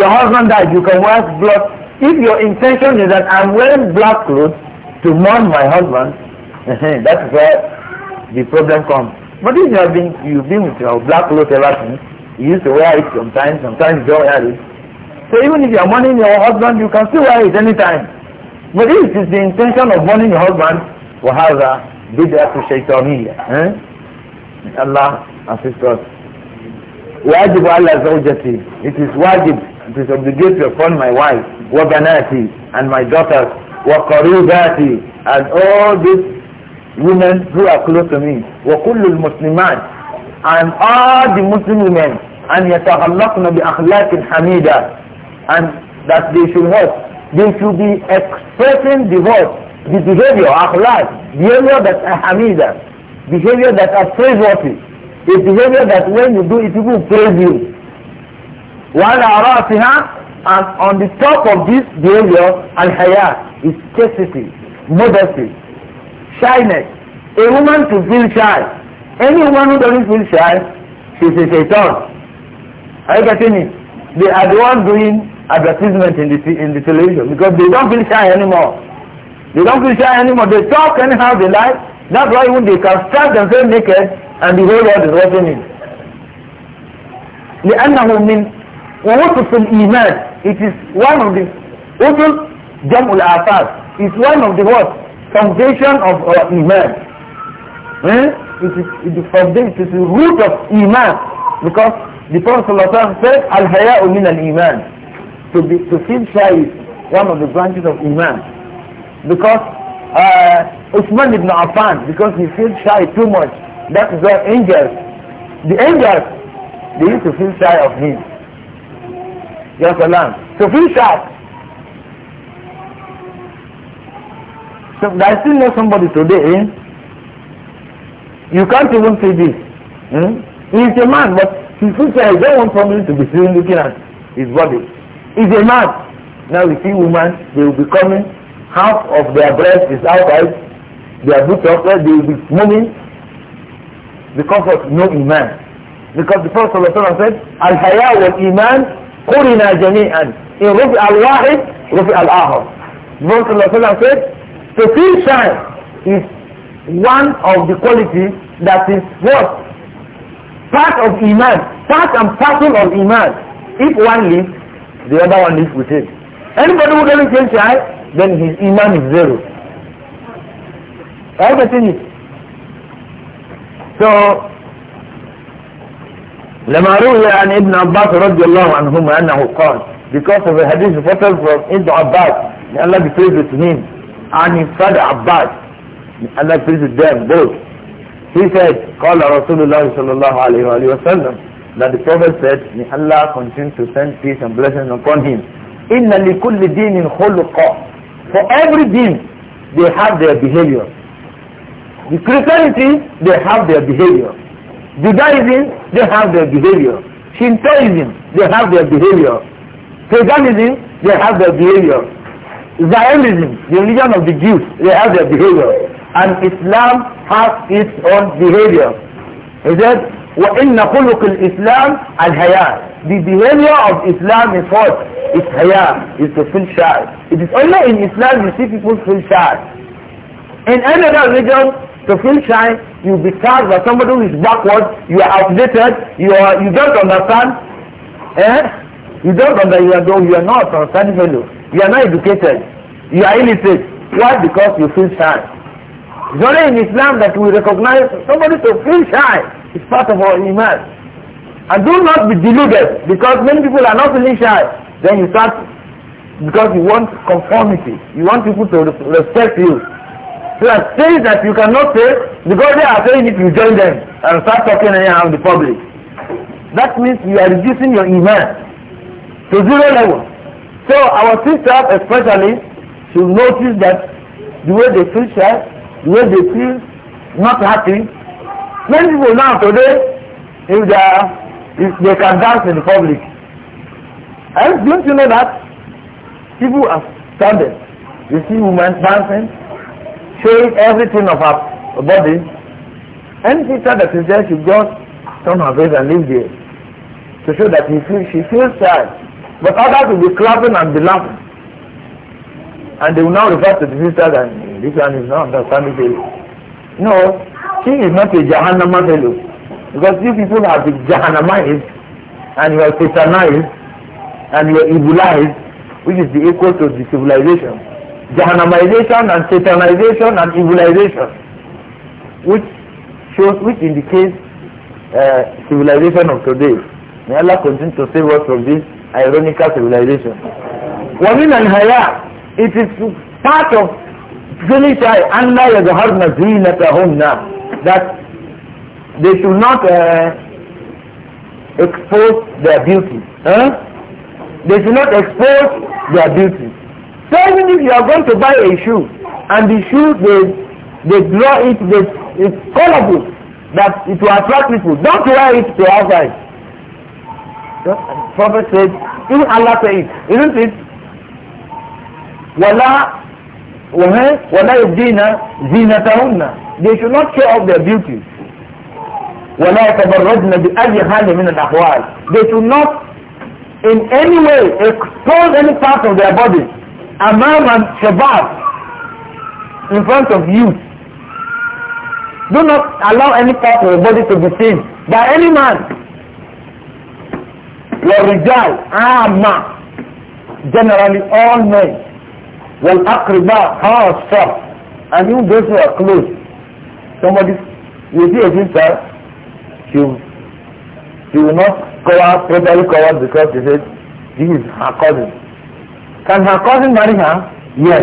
your husband died you can wear black if your intention is that i'm wearing black clothes to mourn my husband that's where the problem comes but if you have been you've been with your black clothes ever since you used to wear it sometimes sometimes you don't wear it so even if you are mourning your husband you can still wear it anytime but if it is the intention of mourning your husband وهذا بدعة شيطانية ها الله assist us واجب على زوجتي it is wajib it is obligatory upon my wife وبناتي and my daughters وقريباتي and all these women who are close to me وكل المسلمات and all the Muslim women أن يتخلقن بأخلاق hamida and that they should have they should be expressing the divorce the behavior, akhlaq, behavior that are hamidah, behavior that are praiseworthy, a behavior that when you do it, people praise you. While arasiha, and on the top of this behavior, al-haya is chastity, modesty, shyness. A woman to feel shy. Any woman who doesn't feel shy, she's a shaitan. Are you getting me? They are the one doing advertisement in the, in the television because they don't feel shy anymore. They don't preach anymore. They talk anyhow they like. That's why even they can strike themselves naked and the whole world is watching it. لأنه من وصف الإيمان it is one of the usul جمع الآثار is one of the what foundation of our iman eh? it is the foundation it is the root of iman because the Prophet ﷺ said al-haya'u min al-iman to be to feel shy is one of the branches of iman because uh, Usman ibn Affan, because he feels shy too much. That's why angels, the angels, they used to feel shy of him. to learn So feel shy. So I still know somebody today. Eh? You can't even see this. Hmm? He's a man, but he feels shy. I don't want somebody to be seen looking at his body. He's a man. Now we see women, they will be coming half of their breath is outside, their buttocks, where they will be moving because of no iman. Because the Prophet said, Al-Haya wal Iman Qurina Jami'an. In Rufi al-Wahid, Rufi al-Ahad. The Prophet said, to feel shy is one of the qualities that is what? Part of Iman. Part and parcel of Iman. If one lives, the other one lives with it. Anybody who doesn't feel shy then his iman is zero. Are you getting it? So, لما روي عن ابن عباس رضي الله عنهما أنه قال because of a hadith reported from Ibn Abbas may Allah be pleased with him and his father Abbas may Allah be pleased with them both he said قال رسول الله صلى الله عليه وآله وسلم that the Prophet said may Allah continue to send peace and blessings upon him إن لكل دين خلقا For every being, they have their behavior. The Christianity, they have their behavior. Judaism, they have their behavior. Shintoism, they have their behavior. Paganism, they have their behavior. Zionism, the religion of the Jews, they have their behavior. And Islam has its own behavior. He said, وإن خلق الإسلام الحياة The behavior of Islam is what? It's حياة, it's to feel shy. It is only in Islam you see people feel shy. In any other religion, to feel shy, you be tagged by somebody who is backward, you are outdated, you are you don't understand. Eh? You don't understand, you are, you are not understanding You are not educated. You are illiterate. Why? Because you feel shy. It's only in Islam that we recognize somebody to feel shy. It's part of our iman. And do not be deluded because many people are not feeling shy. Then you start because you want conformity. You want people to respect you. So that things that you cannot say because they are saying if you join them and start talking anyhow in the public. That means you are reducing your iman to zero level. So our sisters especially should notice that the way they feel shy wey they feel not happy many people now today if they are if they can dance in public and don't you know that people are standing you see women dancing showing everything of her body any teacher that is there should just turn her face and leave there to show that he feel she feels sad but others will be clapping and be laughing And they will now refer to the sister that this one is not understanding fellow. No, she is not a Jahannama fellow. Because these people have been Jahannamized and you are Satanized and you are Evilized, which is the equal to the civilization. Jahannamization and Satanization and Evilization, which shows, which indicates uh, civilization of today. May Allah continue to save us from this ironical civilization. ومن الهياء it is part of Zulita Anna Yadharna Zinatahunna that they should not uh, expose their beauty. Huh? They should not expose their beauty. So even if you are going to buy a shoe and the shoe they they draw it it's colorful that it will attract people. Don't wear it to outside. The Prophet said, even Allah said it, isn't it? wala wala yubdina zinatahunna they should not show off their beauty wala yatabarrajna bi ayi hali min al ahwal they should not in any way expose any part of their body amam and shabab in front of youth do not allow any part of your body to be seen by any man your rijal ama generally all men والأقرباء خاصة and even those who are close somebody you see a sister she she will not cover properly cover because she said this is her cousin can her cousin marry her yes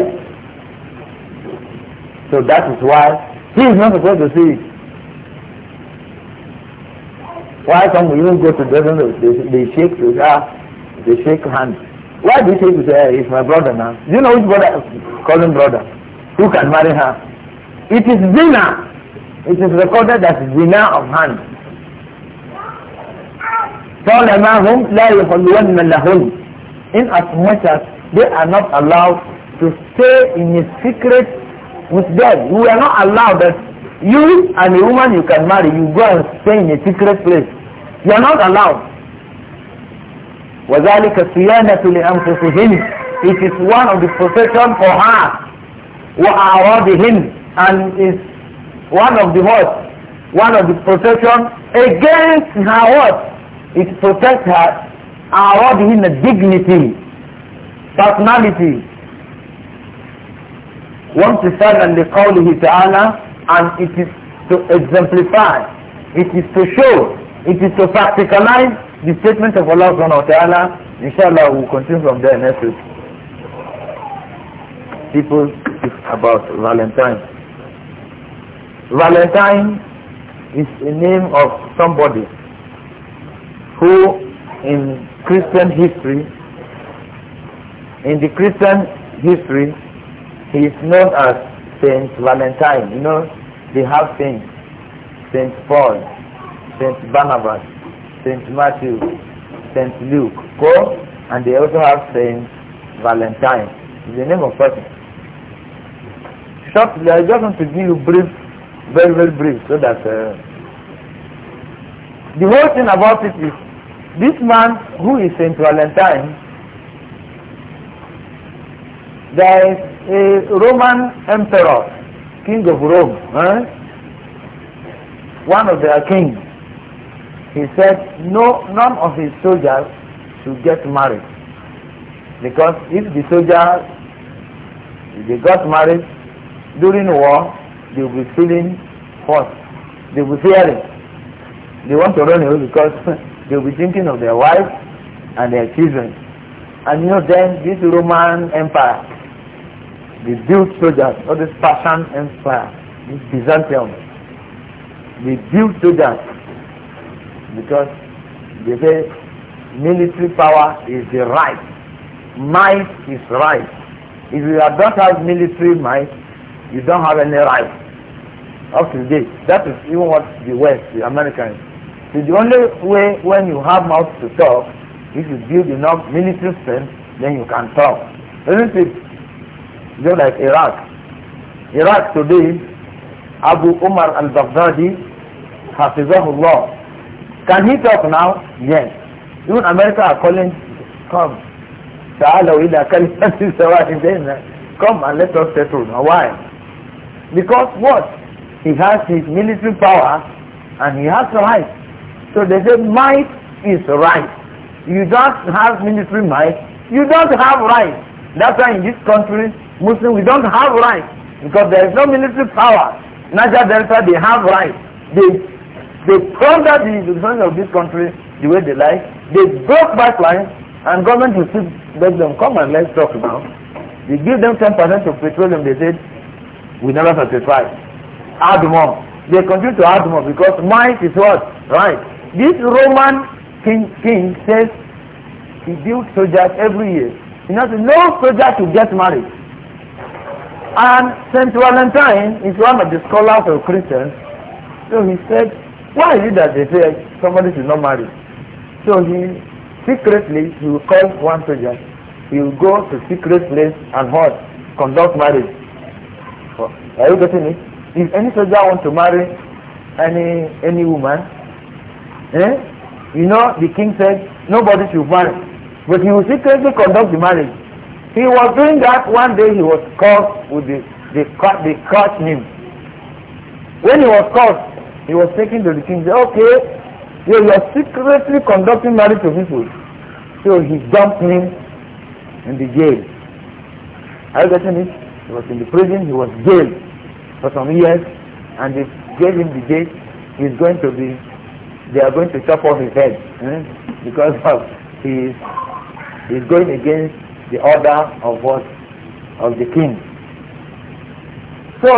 so that is why he is not supposed to see it why some even go to the they, they shake with her they shake hands Why do you say to say, it's my brother now? Do you know which brother? Call brother. Who can marry her? It is zina. It is recorded as zina of hand. طالماهم لا يحلون لهن in as much as they are not allowed to stay in a secret with them you are not allowed that you and a woman you can marry you go and stay in a secret place you are not allowed وَذَلِكَ صِيَانَةُ لِأَنفُسِهِمْ It is one of the protection for her. وَأَعْرَضِهِمْ And is one of the what? One of the protection against her what? It protects her. the dignity, personality. وَامْتِثَالًا his honor, And it is to exemplify. It is to show. It is to practicalize the statement of Allah subhanahu wa ta'ala, inshallah will continue from there next week. People speak about Valentine. Valentine is a name of somebody who in Christian history, in the Christian history, he is known as Saint Valentine. You know, they have saints, Saint Paul, Saint Barnabas, Saint Matthew, Saint Luke, go, and they also have Saint Valentine. It's the name of person. Shortly, I just want to give you brief, very, very brief, so that uh, the whole thing about it is this man who is Saint Valentine, there is a Roman emperor, king of Rome, eh? one of their kings he said no none of his soldiers should get married because if the soldiers if they got married during war they will be feeling hot they will be fearing they want to run away because they will be thinking of their wives and their children and you know then this roman empire they built soldiers or this persian empire this byzantium they built soldiers because they say military power is the right. Might is right. If you don't have military might, you don't have any right. Up to date. That is even what the West, the Americans. So the only way when you have mouth to talk, if you build enough military strength, then you can talk. Isn't it? Just like Iraq. Iraq today, Abu Umar al-Baghdadi, Hafizahullah, can he talk now? Yes. Even America are calling, come. Come and let us settle now. Why? Because what? He has his military power and he has right. So they say might is right. You don't have military might, you don't have right. That's why in this country, Muslims, we don't have right. Because there is no military power. Niger Delta, they have right. They they plundered the citizens of this country the way they like. They broke back lines and government will still beg them, come and let's talk now. They give them 10% of petroleum. They said, we never satisfy. Add more. They continue to add more because might is what? Right. This Roman king, king says he built soldiers every year. He has no soldier to get married. And St. Valentine is one of the scholars of Christians. So he said, why is it that they say somebody should not marry? So he secretly he will call one soldier. He will go to secret place and hold conduct marriage. Oh, are you getting it? If any soldier want to marry any any woman, eh? You know the king said nobody should marry, but he will secretly conduct the marriage. He was doing that one day. He was caught with the the caught him. When he was caught, he was taken to the king. Said, okay, you are secretly conducting marriage to people. So he dumped him in the jail. Are you getting it? He was in the prison. He was jailed for some years, and they gave him the date. He's going to be. They are going to chop off his head eh? because of he is going against the order of what of the king. So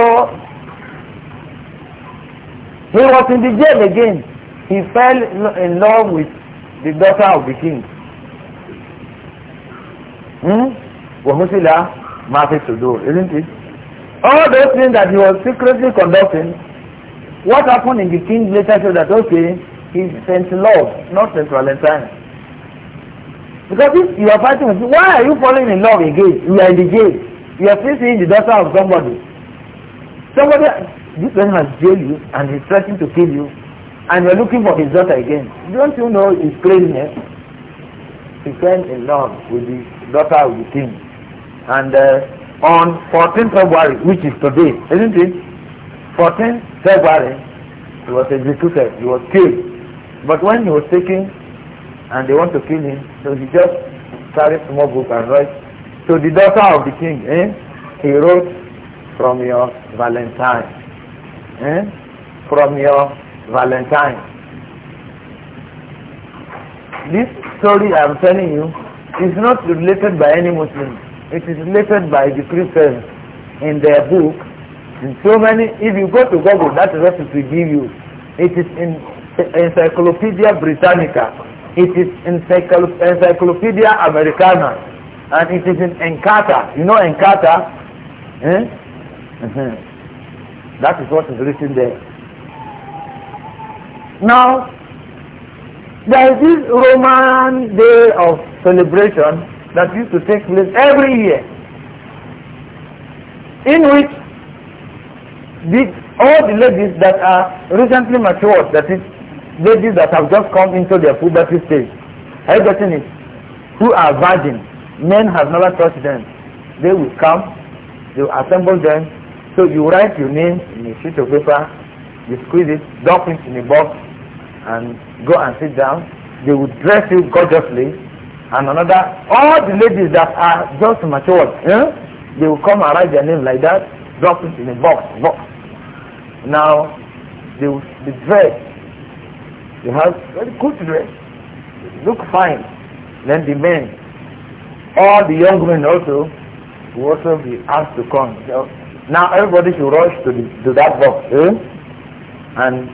He was in the jail again. He fell in love with the daughter of the king. Hmm? Wahusila Mafi Sudur, isn't it? All those things that he was secretly conducting, what happened in the king later showed that, okay, he sent love, not sent Valentine. Because if you are fighting with why are you falling in love again? You are in the jail. You are still seeing the daughter of somebody. Somebody this person has jailed you and he's threatening to kill you and you're looking for his daughter again. Don't you know his craziness? He fell in love with the daughter of the king. And uh, on 14 February, which is today, isn't it? 14 February, he was executed, he was killed. But when he was taken and they want to kill him, so he just carried small book and wrote. to the daughter of the king, eh? He wrote from your Valentine eh, from your Valentine. This story I'm telling you is not related by any Muslim. It is related by the Christians in their book. In so many, if you go to Google, that is what will give you. It is in Encyclopedia Britannica. It is Encyclopedia Americana. And it is in Encarta. You know Encarta? Eh? Uh-huh. That is what is written there. Now, there is this Roman day of celebration that used to take place every year in which the, all the ladies that are recently matured, that is, ladies that have just come into their puberty stage, have gotten it, who are virgin, men have never touched them, they will come, they will assemble them, so you write your name in a sheet of paper, you squeeze it, dump it in a box, and go and sit down. They will dress you gorgeously, and another, all the ladies that are just mature, eh, they will come and write their name like that, drop it in a box, box. Now, they will be dressed. They have very good dress, they look fine. Then the men, all the young men also, will also be asked to come. Now everybody should rush to, the, to that box eh? and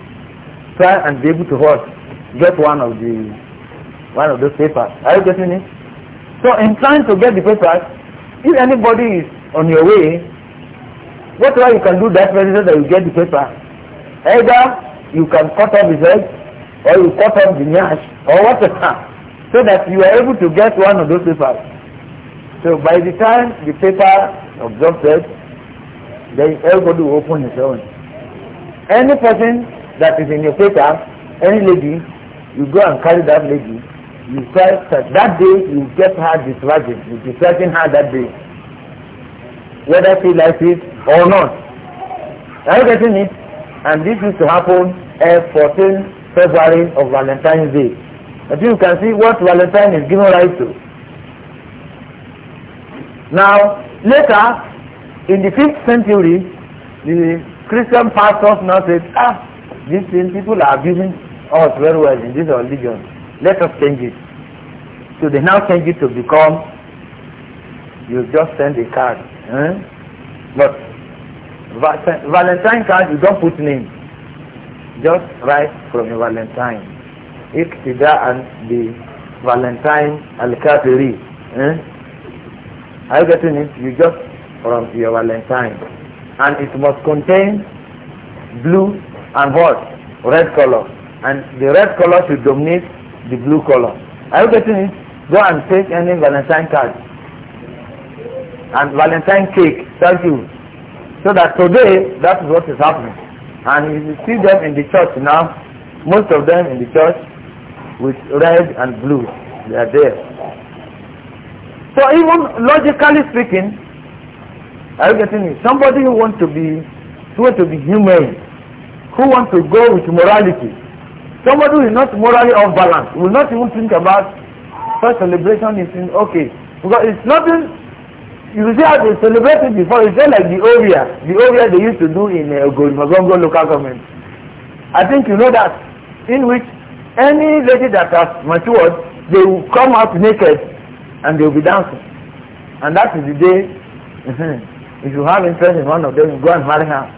try and be able to what? Get one of the one of those papers. Are you getting it? So in trying to get the papers, if anybody is on your way, way you can do that very that you get the paper, either you can cut off his head or you cut off the nyash or whatever, so that you are able to get one of those papers. So by the time the paper observes then everybody will open his own. Any person that is in your paper, any lady, you go and carry that lady. You say that, that day you get her distracted. You distracting her that day. Whether she likes it or not. Are you getting it? And this used to happen at eh, 14 February of Valentine's Day. But you can see what Valentine is giving rise to. Now, later, in the fifth century the christian pastors now said ah these people are abusing us very well in this religion let us change it so they now change it to become you just send a card eh? but valentine card you don't put name just write from your valentine اقتداء the Valentine eh? are you getting it you just from your valentine and it must contain blue and what red color and the red color should dominate the blue color are you getting it go and take any valentine card and valentine cake thank you so that today that is what is happening and you see them in the church now most of them in the church with red and blue they are there so even logically speaking Are you getting me? Somebody who wants to be who wants to be humane, who wants to go with morality, somebody who is not morally off balance, will not even think about first celebration is in okay. Because it's nothing you see how they celebrated before, it's just like the area, the area they used to do in uh, Golmazongo local government. I think you know that, in which any lady that has matured, they will come out naked and they will be dancing. And that is the day hmm, If you have interest in one of them, you go and marry her.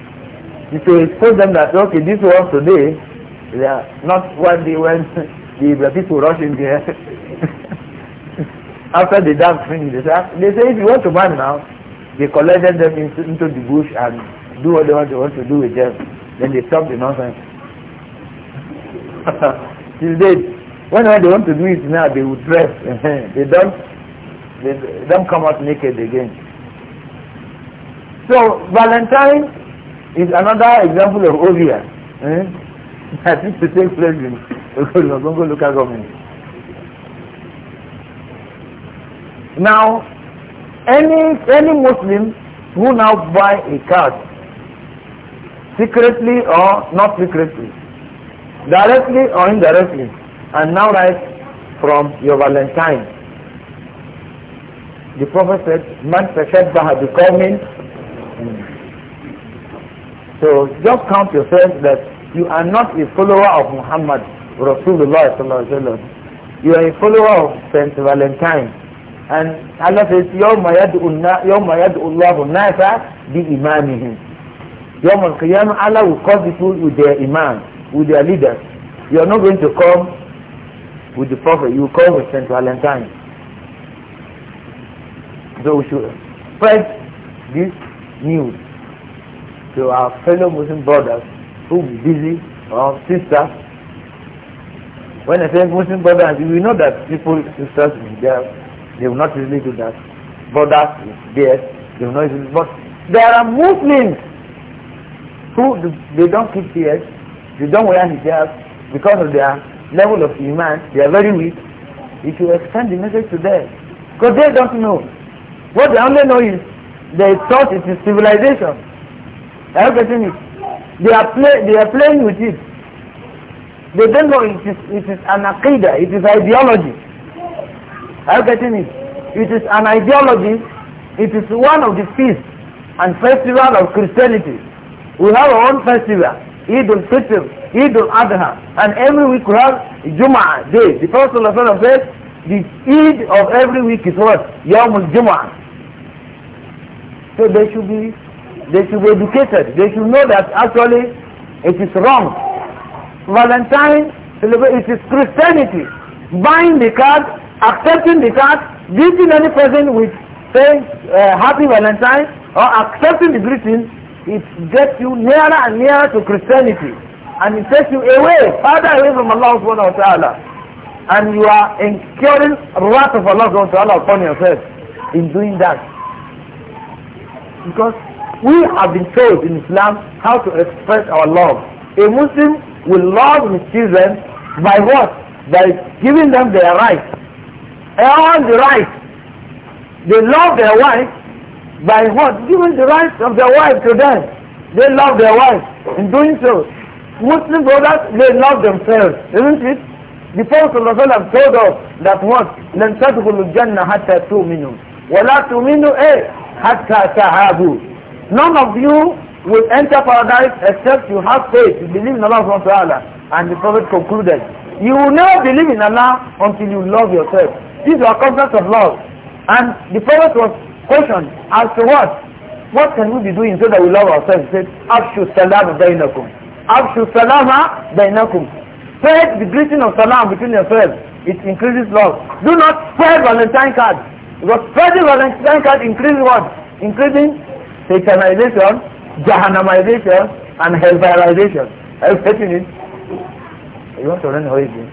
If you tell them that, okay, this was today, they are not one day when the, the people rush in there. After the dance finished, they say, ah, they say, if you want to marry now, they collected them into, into the bush and do what they want, to do with them. Then they stop the nonsense. Till date, whenever they want to do it now, they would dress. they don't, they don't come out naked again. So Valentine is another example of Ovia eh? that used to take place in Ogongo local government. Now, any any Muslim who now buy a card secretly or not secretly, directly or indirectly, and now write from your Valentine. The Prophet said, "Man tashabbaha biqawmin so just count yourself that you are not a follower of Muhammad Rasulullah You are a follower of Saint Valentine. And Allah says, يَوْمَ يَدْعُ اللَّهُ النَّاسَ بِإِمَامِهِمْ يوم القيامة Allah will cause people with their imam, with their leaders. You are not going to come with the Prophet, you will come with Saint Valentine. So we should spread this news to our fellow Muslim brothers who be busy or sisters. When I say Muslim brothers, we know that people, sisters, there, they will not really do that. Brothers, yes, they will not but there are Muslims who they don't keep beard, they don't wear hijab because of their level of iman, they are very weak. If you extend the message to them, because they don't know. What they only know is they thought it is civilization. Are you getting it? They are, play, they are playing with it. They don't know it is, it is an aqidah, it is ideology. Are you getting it? It is an ideology, it is one of the feasts and festival of Christianity. We have our own festival, Eid al-Fitr, Eid al-Adha, and every week we have Jum'ah day. The Prophet said, the Eid of every week is what? Yawm al-Jum'ah. So they should be, they should be educated. They should know that actually it is wrong. Valentine, it is Christianity. Buying the card, accepting the card, greeting any person with say uh, Happy Valentine or accepting the greeting, it gets you nearer and nearer to Christianity. And it takes you away, farther away from Allah subhanahu wa ta'ala. And you are incurring wrath of Allah subhanahu wa ta'ala upon yourself in doing that. Because we have been told in Islam how to express our love. A Muslim will love his children by what? By giving them their rights. All the rights. They love their wife by what? Giving the rights of their wife to them. They love their wife in doing so. Muslim brothers, they love themselves, isn't it? The Prophet ﷺ told us that what? لَنْ تَدْخُلُ الْجَنَّةَ حَتَّى تُؤْمِنُوا وَلَا تُؤْمِنُوا إِيه hatta tahabu. None of you will enter paradise except you have faith, you believe in Allah subhanahu wa ta'ala. And the Prophet concluded, you will never believe in Allah until you love yourself. this is a concepts of love. And the Prophet was questioned as to what? What can we be doing so that we love ourselves? He said, Afshu salam bainakum. Afshu salama bainakum. Spread the greeting of salam between yourselves. It increases love. Do not spread Valentine cards. Because spreading Valentine card increases what? Increasing satanization, jahannamization, and hellfireization. Are you getting it? You want to learn how it is.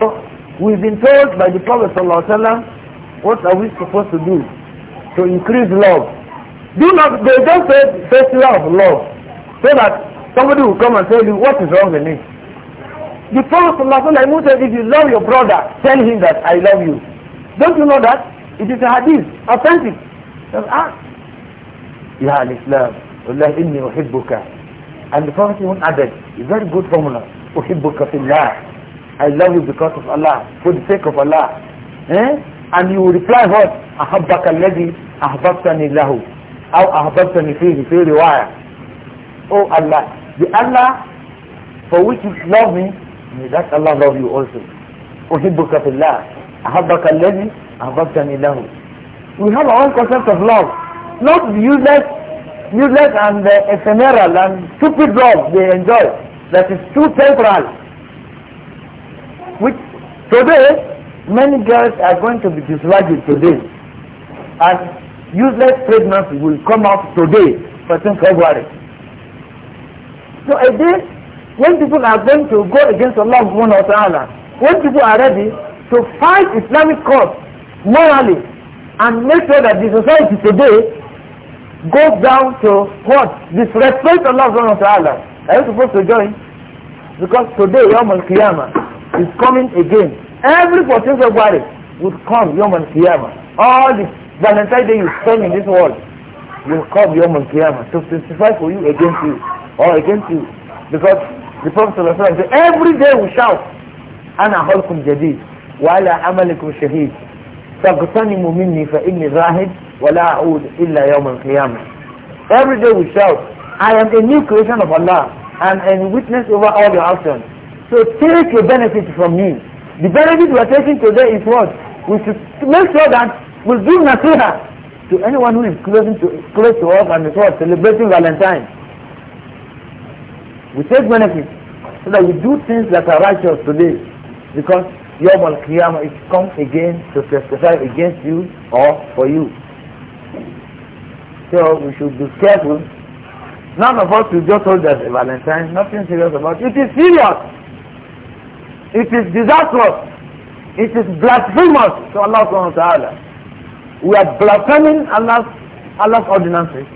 So, we've been told by the Prophet ﷺ, what are we supposed to do? To increase love. Do not, they don't say, first love, love. So that somebody will come and tell you, what is wrong with me? The Prophet ﷺ said, if you love your brother, tell him that I love you. Don't you know that? It is a hadith, authentic. Ah. Ya al-Islam, Allah inni uhibbuka. And the Prophet even added, a very good formula, uhibbuka Allah. I love you because of Allah, for the sake of Allah. Eh? And you reply what? أحبك الذي أحببتني له أو أحببتني فيه في رواية Oh Allah, the Allah for which you love me, may that Allah love you also. أحبك في الله أحبك الذي أحببتني له we have our own concept of love not useless useless and uh, ephemeral and stupid love they enjoy that is too temporal which today many girls are going to be dislodged today and useless pregnancy will come out today for February so I think when people are going to go against Allah subhanahu wa ta'ala when people are ready to fight Islamic cause morally and make sure that the society today goes down to what? Disrespect Allah subhanahu wa ta'ala. Are you supposed to join? Because today Yom al-Qiyamah is coming again. Every potential body would come Yom al-Qiyamah. All the Valentine Day you spend in this world will come Yom al-Qiyamah to testify for you against you or against you. Because the Prophet said, every day we shout, أنا خلق جديد وعلى عملكم شهيد فاغتنموا مني فإني ولا أعود إلا يوم Every day we shout, I am a new creation of Allah. I am a witness over all your actions. So take your benefit from me. The benefit we are taking today is what? We should make sure that we will give nasiha to anyone who is close to, close to us and is what? Celebrating Valentine. We take benefit so that we do things that are righteous today because Yom al Qiyamah is come again to testify against you or for you. So we should be careful. None of us will just hold as a Valentine, nothing serious about it. It is serious. It is disastrous. It is blasphemous to Allah subhanahu wa ta'ala. We are blaspheming Allah's, Allah's ordinances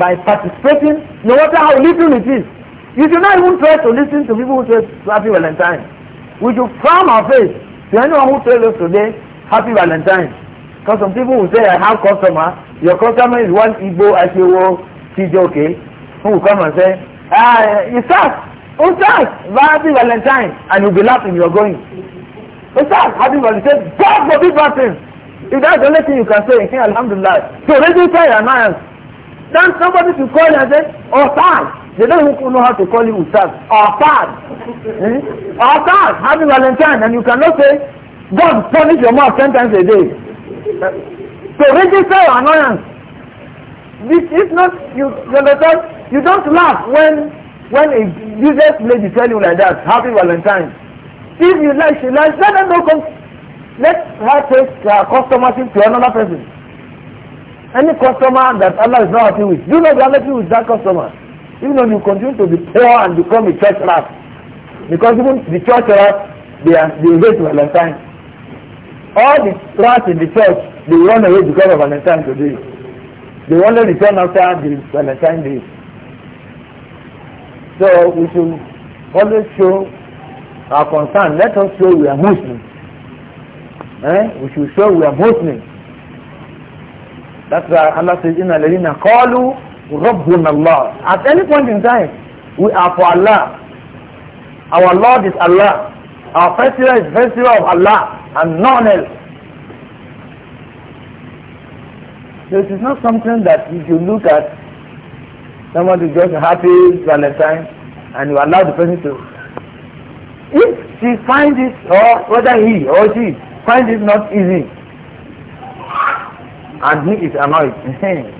by participating, no matter how little it is. You should not even try to listen to people who say Happy Valentine. we should frown our face to anyone who tell us today happy valentine because some people will say i have customer your customer is one igbo asewo tijoke who will come and say ah uh, Who ustaz happy valentine and you be laughing you are going ustaz happy valentine god forbid bad things if that's the only thing you can say hey alhamdulillah so raise your prayer and ask then somebody should call you and say Oh, Oh, They don't even know how to call you. Ustaz or Pad. Eh? Or Pad, happy Valentine, and you cannot say, God punish your mouth ten times a day. So register your annoyance. This is not, you, you understand? You don't laugh when when a business lady tell you like that, happy Valentine. If you like, she likes, let her know, come, let her take her customers to another person. Any customer that Allah is not happy with, you know you are happy with that customer. Even though you continue to be poor and become a church rat. Because even the church rat, they are they hate Valentine. All the rats in the church, they run away because of Valentine today. They only return after the Valentine day. So we should always show our concern. Let us show we are Muslims. Eh? We should show we are Muslims. That's why Allah says, in إِنَّ call you Rabbun Allah. At any point in time, we are for Allah. Our Lord is Allah. Our festival is festival of Allah and none else. So it is not something that if you look at someone is just happy Valentine and you allow the person to. If she finds it or whether he or she finds it not easy and he is annoyed.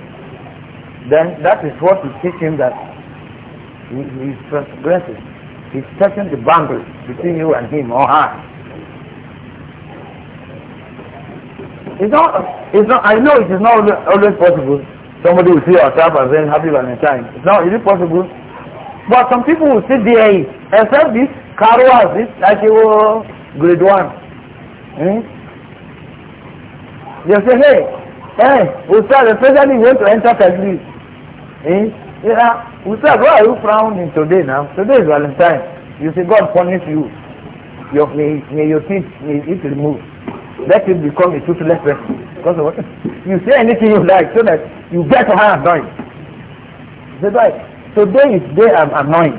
then that is what is teaching that he, he is transgressing. He's touching the boundary between you and him or her. It's not, it's not, I know it is not always possible. Somebody will see yourself as then happy Valentine. It's not, is it possible? But some people will sit there, say this Karwas, this like you were grade one. Hmm? They say, hey, hey, Ustaz, especially when to enter Tajlis. Eh? Yeah. Eh, we said, why are you frowning today now? Today is Valentine. You say, God punish you. Your, may, may your teeth, may it remove. Let it become a toothless person. Because of what? You say anything you like so that you get to annoying. annoyed. That's why today is day I'm annoying.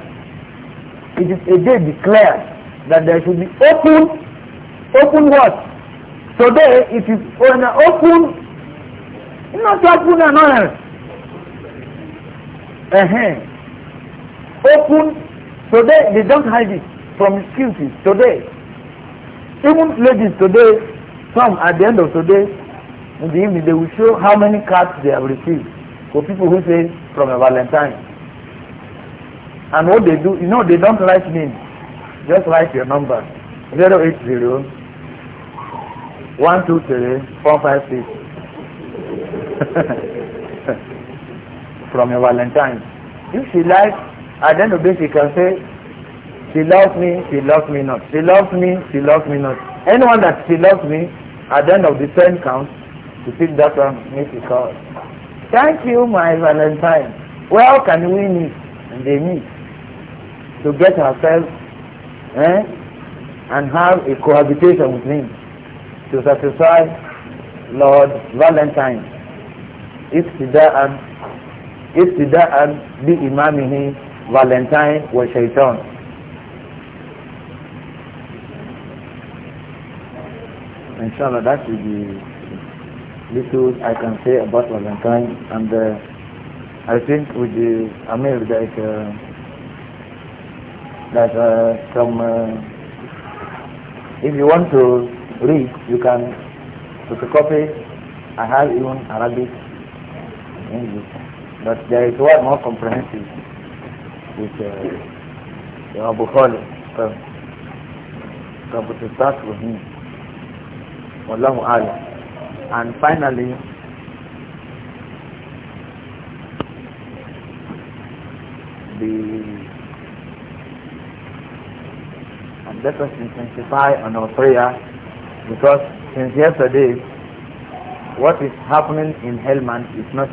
It is a day declared that there should be open, open what? Today it is an open, not open annoyance. -huh. open today they don't hide it from excuses today even ladies today some at the end of today in the evening they will show how many cards they have received for people who say from a valentine and what they do you know they don't write names just write your number zero eight zero one two three four five six from your Valentine. If she likes, at the end of the day she can say, she loves me, she loves me not. She loves me, she loves me not. Anyone that she loves me, at the end of the ten count, to pick that one, make a call. Thank you, my Valentine. Well, can we meet? And they meet to get ourselves eh, and have a cohabitation with him to satisfy Lord Valentine. If the and iftida'an bi imamihi valentine wa shaitan inshallah that will be little I can say about valentine and uh, I think with the I mean like uh, uh, some uh, if you want to read you can photocopy I have even Arabic English but there is one more comprehensive with uh, Abu Khalid. So, so to start with him. Wallahu Alam. And finally, the and let us intensify on our prayer because since yesterday what is happening in Helmand is not